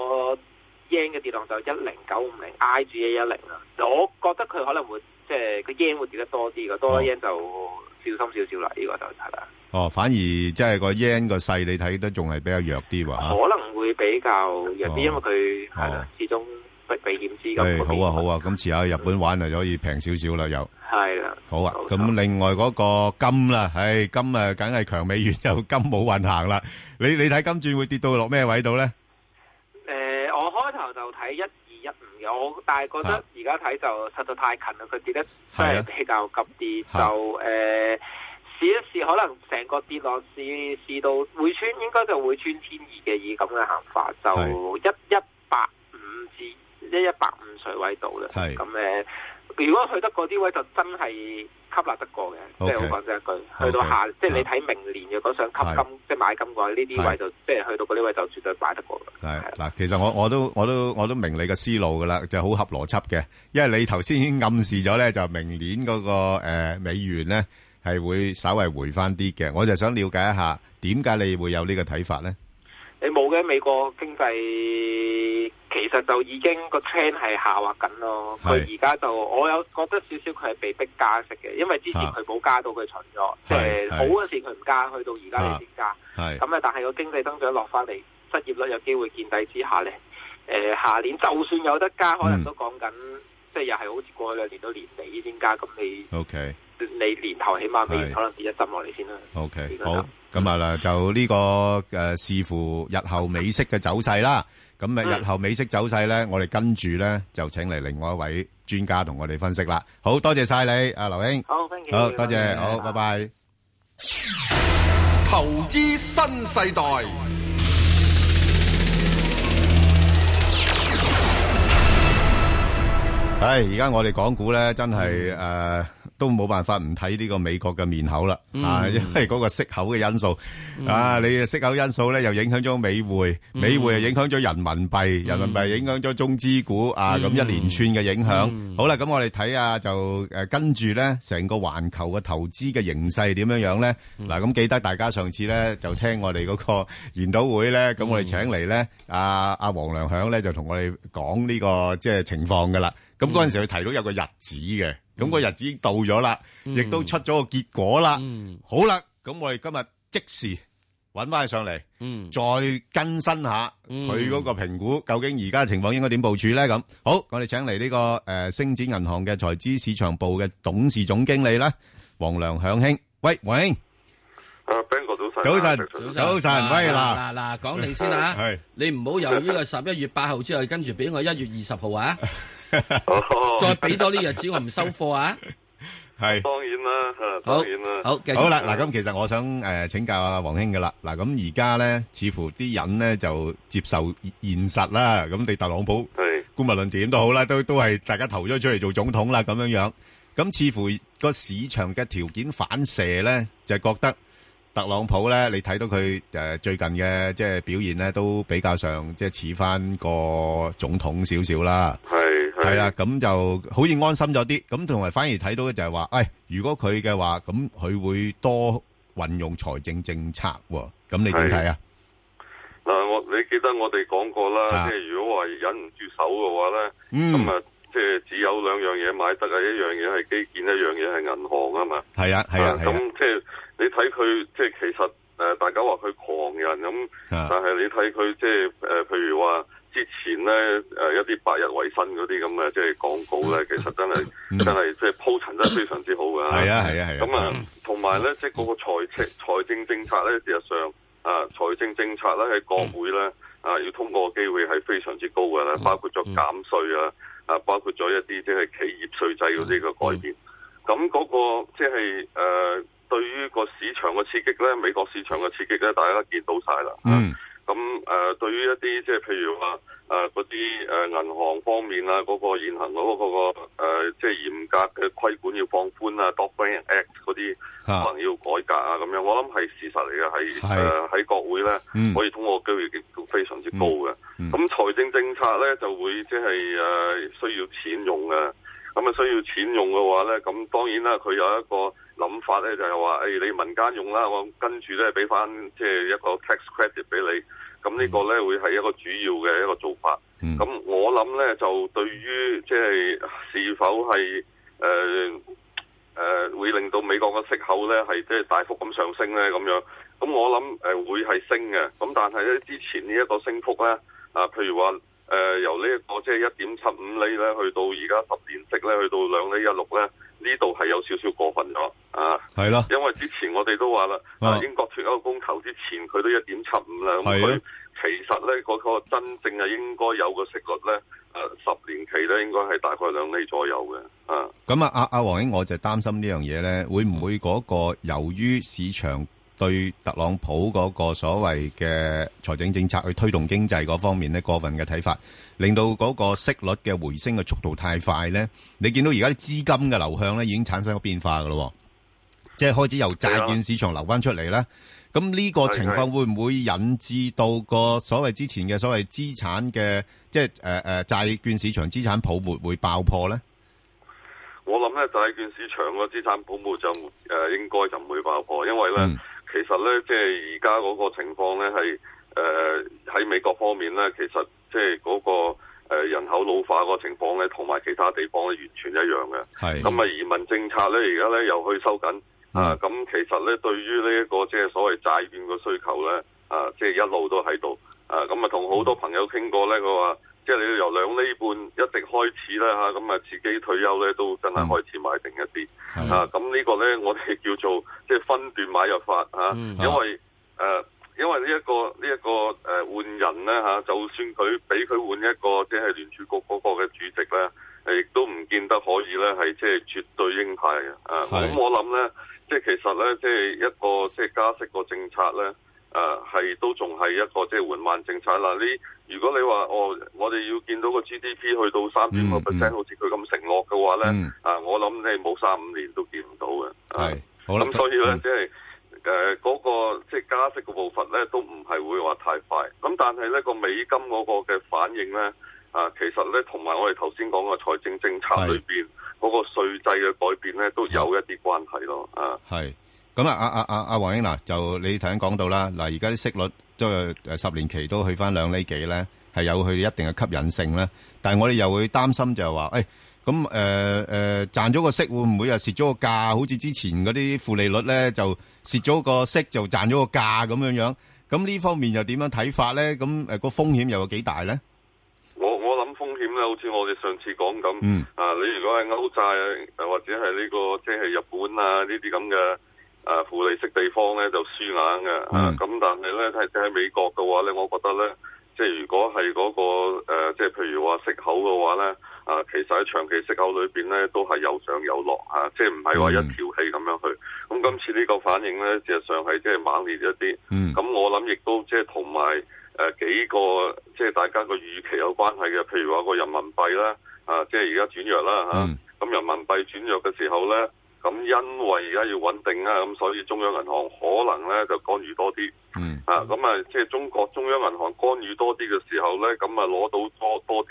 yen 嘅跌浪就一零九五零，挨住一一零啦。我覺得佢可能會即係個 yen 會跌得多啲㗎，多 yen 就。嗯小心少少啦，呢個就係啦。哦，反而即係個 yen 個勢，你睇得仲係比較弱啲喎嚇。可能會比較弱啲，因為佢係啦，始終不避險資金。係好啊好啊，咁遲下日本玩啊，可以平少少啦又。係啦。好啊，咁另外嗰個金啦，唉金啊，梗係強美元就金冇運行啦。你你睇金轉會跌到落咩位度咧？誒，我開頭。我但係覺得而家睇就實在太近啦，佢跌得真係比較急啲，啊、就誒試、呃、一試，可能成個跌落試試到會穿，應該就會穿天意嘅二咁嘅行法，就一一百五至一一百五水位度啦，咁誒。是如果去得嗰啲位就真係吸納得過嘅，即係好講真一句，去到下 Okay. 即係你睇明年嘅想吸金，是即係買金嘅話，呢啲位就即係去到嗰啲位就絕對買得過嘅。係嗱是，的其實我我都我都我都，我都明你個思路㗎啦，就好合邏輯嘅，因為你頭先已經暗示咗咧，就明年嗰、個、呃、美元咧係會稍為回翻啲嘅。我就想了解一下點解你會有呢個睇法咧？你冇嘅美國經濟。其實就已經個 trend 係下滑緊咯，佢而家就我有覺得少少佢係被逼加息嘅，因為之前佢冇加到佢蠢咗，即係好嗰時佢唔加，去到而家你先加。係咁啊！但係個經濟增長落翻嚟，失業率有機會見底之下咧，誒，下年就算有得加，可能都講緊，即係又係好似過去兩年都年尾先加咁你。O K，你年頭起碼你可能跌一針落嚟先啦。O K，好，咁啊嗱，就呢個誒，視乎日後美息嘅走勢啦。咁咪日後美式走勢咧，我哋跟住咧就請嚟另外一位專家同我哋分析啦。好多謝曬你，阿劉英。好，多謝，好，拜拜。投資新世代。唉，而家我哋講股咧，真係誒。都冇辦法唔睇呢個美國嘅面口啦，啊，因為嗰個息口嘅因素啊，你嘅息口因素咧又影響咗美匯，美匯又影響咗人民幣，人民幣又影響咗中資股啊，咁一連串嘅影響。好啦，咁我哋睇下就誒跟住咧，成個環球嘅投資嘅形勢點樣樣咧？嗱，咁記得大家上次咧就聽我哋嗰個研討會咧，咁我哋請嚟咧阿阿黃良響咧就同我哋講呢個即係情況噶啦。咁嗰陣時佢提到有個日子嘅，咁個日子已經到咗啦，亦都出咗個結果啦。好啦，咁我哋今日即時揾翻佢上嚟，再更新下佢嗰個評估，究竟而家嘅情況應該點部署咧？咁好，我哋請嚟呢個誒星展銀行嘅財資市場部嘅董事總經理咧，黃良向興，喂喂。早晨，早晨，喂啦！嗱嗱嗱，講定先啊，你唔好由呢個十一月八號之後，跟住俾我一月二十號啊！好，再俾多啲日子，我唔收貨啊！係，當然啦，當然啦，好，好啦，嗱，咁其實我想誒請教阿黃兄噶啦，嗱，咁而家咧，似乎啲人咧就接受現實啦，咁你特朗普，係，公民論點都好啦，都都係大家投咗出嚟做總統啦，咁樣樣，咁似乎個市場嘅條件反射咧，就係覺得。特朗普咧，你睇到佢誒最近嘅即係表現咧，都比較上即係似翻個總統少少啦。係係啦，咁就好似安心咗啲。咁同埋反而睇到嘅就係話，誒，如果佢嘅話，咁佢會多運用財政政策喎。咁你點睇啊？嗱，我你記得我哋講過啦，即係如果話忍唔住手嘅話咧，咁啊，即係只有兩樣嘢買得啊，一樣嘢係基建，一樣嘢係銀行啊嘛。係啊係啊係，咁即係。你睇佢即係其實誒，大家話佢狂人咁，但係你睇佢即係誒，譬如話之前咧誒，一啲百日維新嗰啲咁嘅即係廣告咧，其實真係真係即係鋪陳得非常之好嘅。係啊，係啊，係咁啊，同埋咧，即係嗰個財政財政政策咧，事實上啊，財政政策咧喺國會咧啊，要通過嘅機會係非常之高嘅啦，包括咗減稅啊啊，包括咗一啲即係企業稅制嘅呢個改變。咁嗰個即係誒。對於個市場嘅刺激咧，美國市場嘅刺激咧，大家都見到晒啦。嗯。咁誒、呃，對於一啲即係譬如話誒嗰啲誒銀行方面啊，嗰、嗰個現行嗰、嗰個個、呃、即係嚴格嘅規管要放寬啊，Dodd-Frank Act 嗰啲可能要改革啊咁樣，我諗係事實嚟嘅，喺誒喺國會咧、嗯、可以通過機會極度非常之高嘅。咁財、嗯嗯、政政策咧就會即係誒、呃、需要錢用嘅，咁啊需要錢用嘅話咧，咁當然啦，佢有一個諗法咧就係、是、話，誒、哎、你民間用啦，我跟住咧俾翻即係一個 tax credit 俾你，咁呢個咧會係一個主要嘅一個做法。咁、嗯、我諗咧就對於即係是，是否係誒誒會令到美國嘅息口咧係即係大幅咁上升咧咁樣，咁我諗誒會係升嘅。咁但係咧之前呢一個升幅咧，啊譬如話誒、呃、由、這個、呢一個即係一點七五厘咧，去到而家十年息咧，去到兩厘一六咧。呢度係有少少過分咗啊。係咯的，因為之前我哋都話啦，啊，啊英國脱歐公投之前佢都一點七五啦，倍的。嗯、其實咧嗰、那個真正嘅應該有個息率咧，啊、呃、十年期咧應該係大概兩厘左右嘅啊。咁啊，阿阿黃英我就擔心呢樣嘢咧，會唔會嗰個由於市場對特朗普嗰個所謂嘅財政政策去推動經濟嗰方面咧，過分嘅睇法，令到嗰個息率嘅回升嘅速度太快呢，你見到而家啲資金嘅流向咧，已經產生咗變化噶咯，即係開始由債券市場流翻出嚟呢，咁呢個情況會唔會引致到個所謂之前嘅所謂資產嘅，即係誒債券市場資產泡沫會爆破呢？我諗咧，債券市場個資產泡沫將、呃、該就誒應該就唔會爆破，因為呢。嗯其實咧，即係而家嗰個情況咧，係誒喺美國方面咧，其實即係嗰個、呃、人口老化個情況咧，同埋其他地方咧完全一樣嘅。係咁啊，移民政策咧，而家咧又去收緊、嗯、啊。咁其實咧，對於呢一個即係所謂債券個需求咧，啊，即係一路都喺度啊。咁啊，同好多朋友傾過咧，佢話、嗯。即係你要由兩厘半一直開始啦嚇，咁啊自己退休咧都真係開始買定一啲嚇。咁、嗯啊、呢個咧，我哋叫做即係分段買入法嚇、啊嗯呃，因為誒、這個，因為呢一個呢一個誒換人咧嚇、啊，就算佢俾佢換一個即係聯儲局嗰個嘅主席咧，誒亦都唔見得可以咧，係即係絕對鷹派啊。咁、嗯嗯、我諗咧，即係其實咧，即係一個即係加息個政策咧。誒，係、呃、都仲係一個即係緩慢政策嗱，你如果你話、哦、我我哋要見到個 GDP 去到三點五個 percent，好似佢咁承諾嘅話咧、嗯呃，啊，我諗你冇三五年都見唔到嘅。係，好啦。咁、嗯、所以咧，即係誒嗰個即係、就是、加息嘅步伐咧，都唔係會話太快。咁、啊、但係咧個美金嗰個嘅反應咧，啊，其實咧同埋我哋頭先講嘅財政政策裏邊嗰是個稅制嘅改變咧，都有一啲關係咯。啊，係。咁啊，阿阿阿阿黃英嗱，就你頭先講到啦，嗱而家啲息率都誒十年期都去翻兩厘幾咧，係有佢一定嘅吸引性咧。但係我哋又會擔心就係話，誒咁誒誒賺咗個息會唔會又蝕咗個價？好似之前嗰啲負利率咧就蝕咗個息就賺咗個價咁樣樣。咁呢方面又點樣睇法咧？咁誒個風險又有幾大咧？我我諗風險咧，好似我哋上次講咁，嗯啊你如果係歐債誒或者係呢個即係日本啊呢啲咁嘅。誒負、啊、利息地方咧就輸硬嘅，咁、啊、但係咧喺喺美國嘅話咧，我覺得咧，即係如果係嗰、那個、呃、即係譬如食話息口嘅話咧，啊，其實喺長期息口裏邊咧，都係有上有落嚇、啊，即係唔係話一條氣咁樣去。咁、嗯、今次呢個反應咧，事實上係即係猛烈一啲。咁、嗯、我諗亦都即係同埋誒幾個、呃、即係大家個預期有關係嘅，譬如話個人民幣啦，啊，即係而家轉弱啦嚇，咁、啊嗯、人民幣轉弱嘅時候咧。咁因為而家要穩定啦，咁所以中央銀行可能咧就干預多啲。嗯。啊，咁啊，即係中國中央銀行干預多啲嘅時候咧，咁啊攞到多多啲，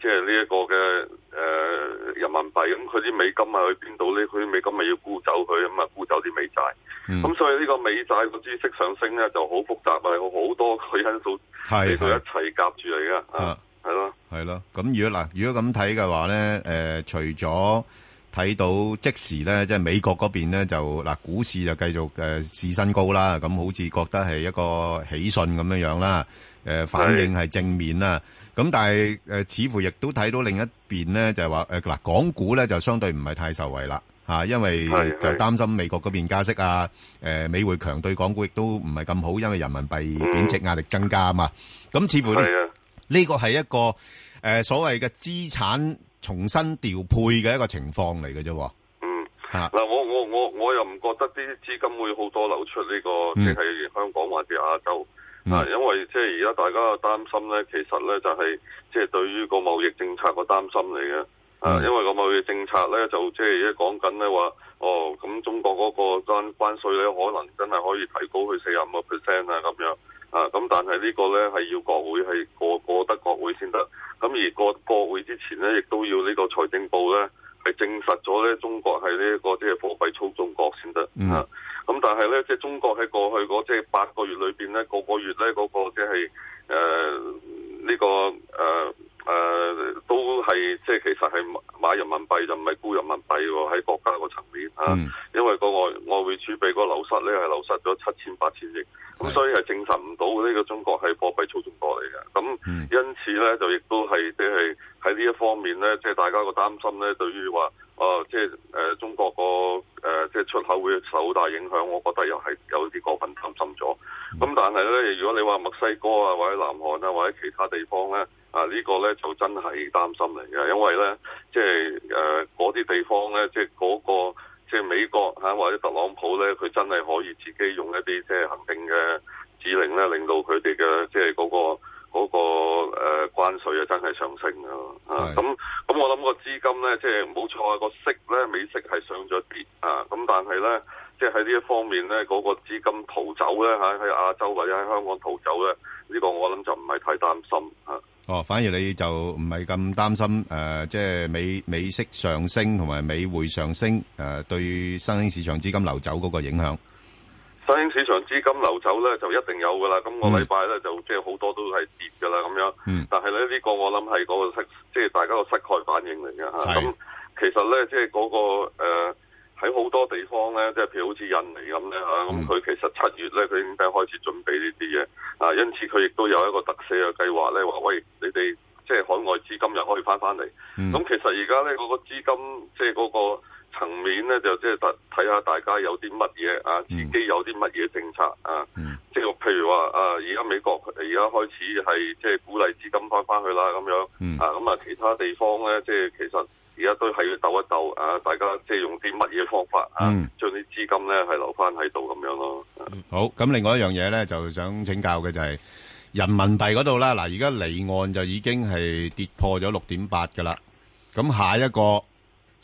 即係呢一個嘅誒、呃、人民幣。咁佢啲美金咪去邊度咧？佢啲美金咪要沽走佢，咁啊沽走啲美債。咁、嗯、所以呢個美債個孳息上升咧就好複雜的啊！好多佢因素係佢一齊夾住嚟㗎。啊的。係咯。係咯。咁如果嗱，如果咁睇嘅話咧，誒、呃，除咗睇到即時咧，即係美國嗰邊咧就嗱，股市就繼續誒試、呃、新高啦。咁好似覺得係一個喜訊咁樣樣啦，誒、呃、反應係正面啦。咁是但係誒、呃、似乎亦都睇到另一邊咧，就係話誒嗱，港股咧就相對唔係太受惠啦嚇，因為就擔心美國嗰邊加息啊，誒、呃、美匯強對港股亦都唔係咁好，因為人民幣貶值壓力增加啊嘛。咁、嗯、似乎呢呢的個係一個誒、呃、所謂嘅資產。重新調配嘅一個情況嚟嘅啫。嗯，嗱、啊，我我我我又唔覺得啲資金會好多流出呢、這個即係、就是、香港或者亞洲、嗯、啊，因為即係而家大家嘅擔心咧，其實咧就係即係對於貿、嗯啊、個貿易政策個擔心嚟嘅。啊，因為個貿易政策咧就即係而家講緊咧話，哦，咁中國嗰個關關稅咧可能真係可以提高去四十五 percent 啊咁樣。啊，咁但係呢個咧係要國會係過過得國會先得，咁而過過會之前咧，亦都要呢個財政部咧係證實咗咧中國係呢一個即係、就是、貨幣操縱國先得。啊，咁但係咧，即、就、係、是、中國喺過去嗰即係八個月裏邊咧，個個月咧嗰、那個即係誒呢個誒。呃誒、呃、都係即係其實係買人民幣，就唔係沽人民幣，喺國家個層面啊，嗯、因為個外外匯儲備個流失咧，係流失咗七千八千億，咁是的 所以係證實唔到呢個中國係貨幣操縱過嚟嘅，咁、嗯、因此咧就亦都係即係喺呢一方面咧，即、就、係、是、大家個擔心咧對於話。哦、呃，即係誒、呃、中國個誒、呃、即係出口會受好大影響，我覺得又係有啲過分擔心咗。咁、嗯、但係咧，如果你話墨西哥啊，或者南韓啊，或者其他地方咧，啊、這個、呢個咧就真係擔心嚟嘅，因為咧即係誒嗰啲地方咧，即係嗰、那個即係美國嚇、啊、或者特朗普咧，佢真係可以自己用一啲即係行政嘅指令咧，令到佢哋嘅即係嗰、那個。嗰個誒關稅啊，真係上升啊。啊，咁咁我諗個資金咧，即係冇錯啊，個息咧美息係上咗跌啊。咁但係咧，即係喺呢一方面咧，嗰個資金逃走咧嚇，喺亞洲或者喺香港逃走咧，呢個我諗就唔係太擔心嚇。哦，反而你就唔係咁擔心誒、呃，即係美美息上升同埋美匯上升誒、呃，對新興市場資金流走嗰個影響。新興市場資金流走咧，就一定有噶啦。咁、那個禮拜咧，嗯、就即係好多都係跌噶啦咁樣。嗯、但係咧呢、這個我諗係嗰個即係大家個失態反應嚟嘅嚇。咁是其實咧，即係嗰、那個喺好、呃、多地方咧，即係譬如好似印尼咁咧嚇，咁佢、嗯、其實七月咧，佢已經都開始準備呢啲嘢。啊，因此佢亦都有一個特赦嘅計劃咧，話喂，你哋即係海外資金又可以返返嚟。咁、嗯、其實而家咧，嗰、那個資金即係嗰、那個。層面咧，就即係睇睇下大家有啲乜嘢啊，自己有啲乜嘢政策啊，即係、嗯、譬如話啊，而家美國佢而家開始係即係鼓勵資金翻翻去啦咁樣、嗯、啊，咁啊其他地方咧，即係其實而家都係要鬥一鬥啊，大家即係用啲乜嘢方法、嗯、啊，將啲資金咧係留翻喺度咁樣咯。啊、好，咁另外一樣嘢咧，就想請教嘅就係人民幣嗰度啦，嗱，而家離岸就已經係跌破咗六點八噶啦，咁下一個。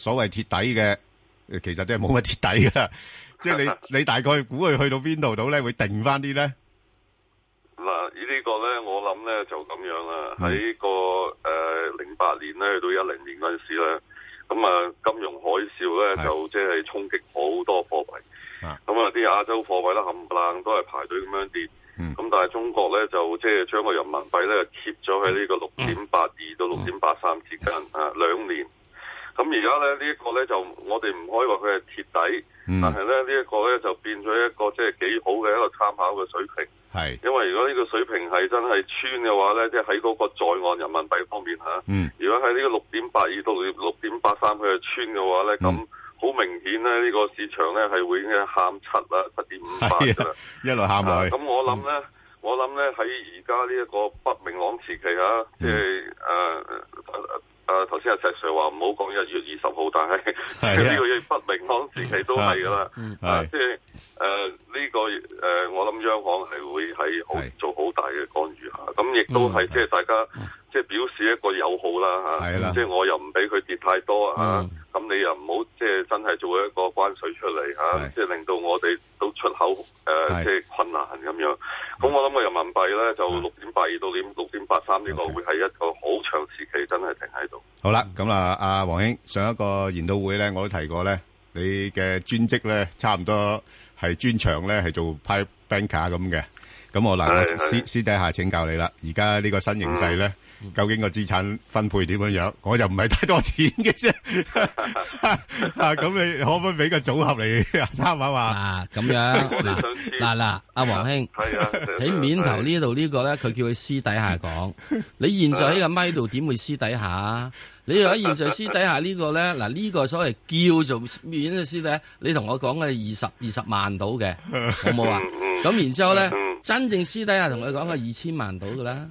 所謂貼底嘅，其實真係冇乜貼底㗎 (laughs) 即係你你大概估佢去到邊度到咧，會定翻啲咧？嗱，呢、嗯呢個咧我諗咧就咁樣啦。喺個誒零八年咧去到一零年嗰陣時咧，咁啊金融海嘯咧是就即係衝擊好多貨幣。咁啊啲亞洲貨幣咧冚唪唥都係排隊咁樣跌。咁、嗯、但係中國咧就即係將個人民幣咧貼咗喺呢個六點八二到六點八三之間。啊，兩年。咁而家咧呢一個咧就我哋唔可以話佢係鐵底，但係咧呢一個咧就變咗一個即係幾好嘅一個參考嘅水平。係是，因為如果呢個水平係真係穿嘅話咧，即係喺嗰個在岸人民幣方面嚇，嗯、如果喺呢個六點八二到六點八三去係穿嘅話咧，咁好、嗯、明顯咧呢個市場咧係會嘅喊七啦，七點五八啦，一路喊落去。咁、啊、我諗咧。我諗咧喺而家呢一個不明朗時期啊，即係誒誒頭先阿石 Sir 話唔好講一月二十號，但係呢 (laughs) (laughs) 個嘢不明朗時期都係噶啦，即係誒呢個誒、啊，我諗央行係會係好做好大嘅干預嚇，咁、啊、亦都係即係大家即係表示一個友好啦嚇，啊、 (laughs) (laughs) 即係我又唔俾佢跌太多嚇，咁、啊、 (laughs) 你又唔好即係真係做一個關稅出嚟嚇，即、啊、係。 (laughs) (laughs) 好啦，咁啊，阿鄺兄，上一個研討會咧，我都提過咧，你嘅專職咧，差唔多係專長咧，係做派 bank 卡咁嘅。咁我嗱我私私底下請教你啦，而家呢個新形勢咧，嗯、究竟個資產分配點樣樣？我就唔係太多錢嘅啫。 (laughs) (laughs) 啊，咁你可唔可以俾個組合嚟參下話？啊，咁樣嗱嗱嗱，阿黃兄，係啊， (laughs) 喺面頭呢度呢個咧，佢叫佢私底下講。 (laughs) 你現在喺個咪度，點會私底下？你如果現在私底下個呢個咧，嗱呢、呢個所謂叫做面嘅私底你同我講嘅二十二十萬到嘅，好唔好啊？咁 (laughs) 然之後咧， (laughs) 真正私底下同佢講嘅二千萬到嘅啦。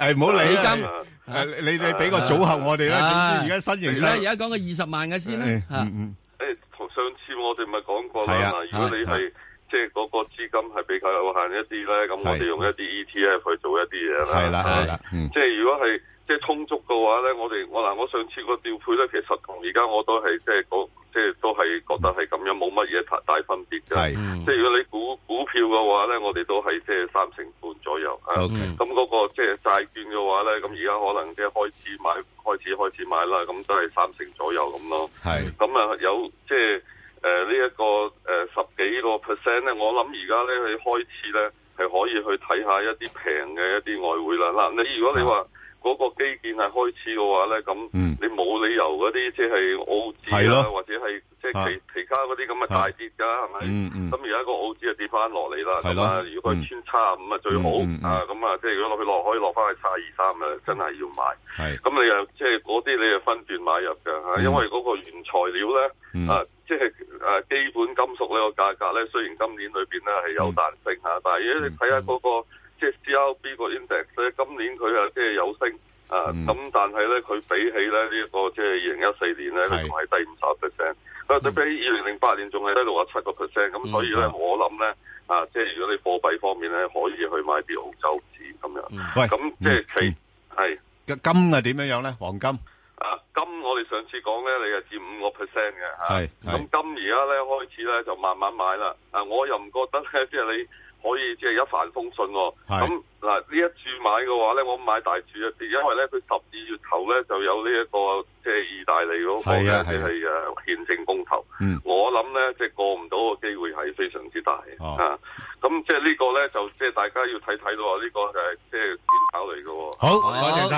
誒，唔好理金，誒，你哋俾個組合我哋啦。總之而家新型咧，而家講個二十萬嘅先啦。嗯誒，同上次我哋咪講過啦，如果你係即係嗰個資金係比較有限一啲咧，咁我哋用一啲 ETF 去做一啲嘢啦。係啦係啦，即係如果係即係充足嘅話咧，我哋我嗱我上次個調配咧，其實同而家我都係即係嗰。即係都係覺得係咁樣，冇乜嘢太大分別嘅。是即係如果你股股票嘅話咧，我哋都係即係三成半左右。咁嗰 Okay. 個即係債券嘅話咧，咁而家可能即係開始買，開始開始買啦。咁都係三成左右咁咯。係咁啊，有即係誒呢一個誒、呃、十幾個 percent 咧。我諗而家咧佢開始咧係可以去睇下一啲平嘅一啲外匯啦。嗱，你如果你話。嗯嗰個基建係開始嘅話咧，咁你冇理由嗰啲即係澳紙啦，或者係即係其其他嗰啲咁嘅大跌噶，係咪？咁而家個澳紙就跌翻落嚟啦，咁啊，如果係穿叉五啊最好啊，咁啊即係如果落去落可以落翻去叉二三啊，真係要買。咁你又即係嗰啲你又分段買入嘅嚇，因為嗰個原材料咧啊，即係啊基本金屬呢個價格咧，雖然今年裏邊咧係有彈性嚇，但係如果你睇下嗰個。即係 C R B 個 index，所以今年佢啊，即係有升啊，咁但係咧，佢比起咧呢一個即係二零一四年咧，佢仲係低五十 percent。佢對比二零零八年仲係低六十七個 percent。咁所以咧，我諗咧啊，即係如果你貨幣方面咧，可以去買啲澳洲紙咁樣，嗯。喂，咁即係其係金啊？點樣樣咧？黃金啊，金我哋上次講咧，你係佔五個 percent 嘅係。咁金而家咧開始咧就慢慢買啦。啊，我又唔覺得咧，即係你。可以即係一帆風順喎、哦。咁嗱、啊，呢一注買嘅話咧，我買大注一啲，因為咧佢十二月頭咧就有呢一個即係意大利嗰個咧係誒憲政公投。嗯，我諗咧即係過唔到嘅機會係非常之大、哦、啊。咁即係呢個咧就即、是、係大家要睇睇咯。呢、這個誒即係短炒嚟嘅。好，唔該。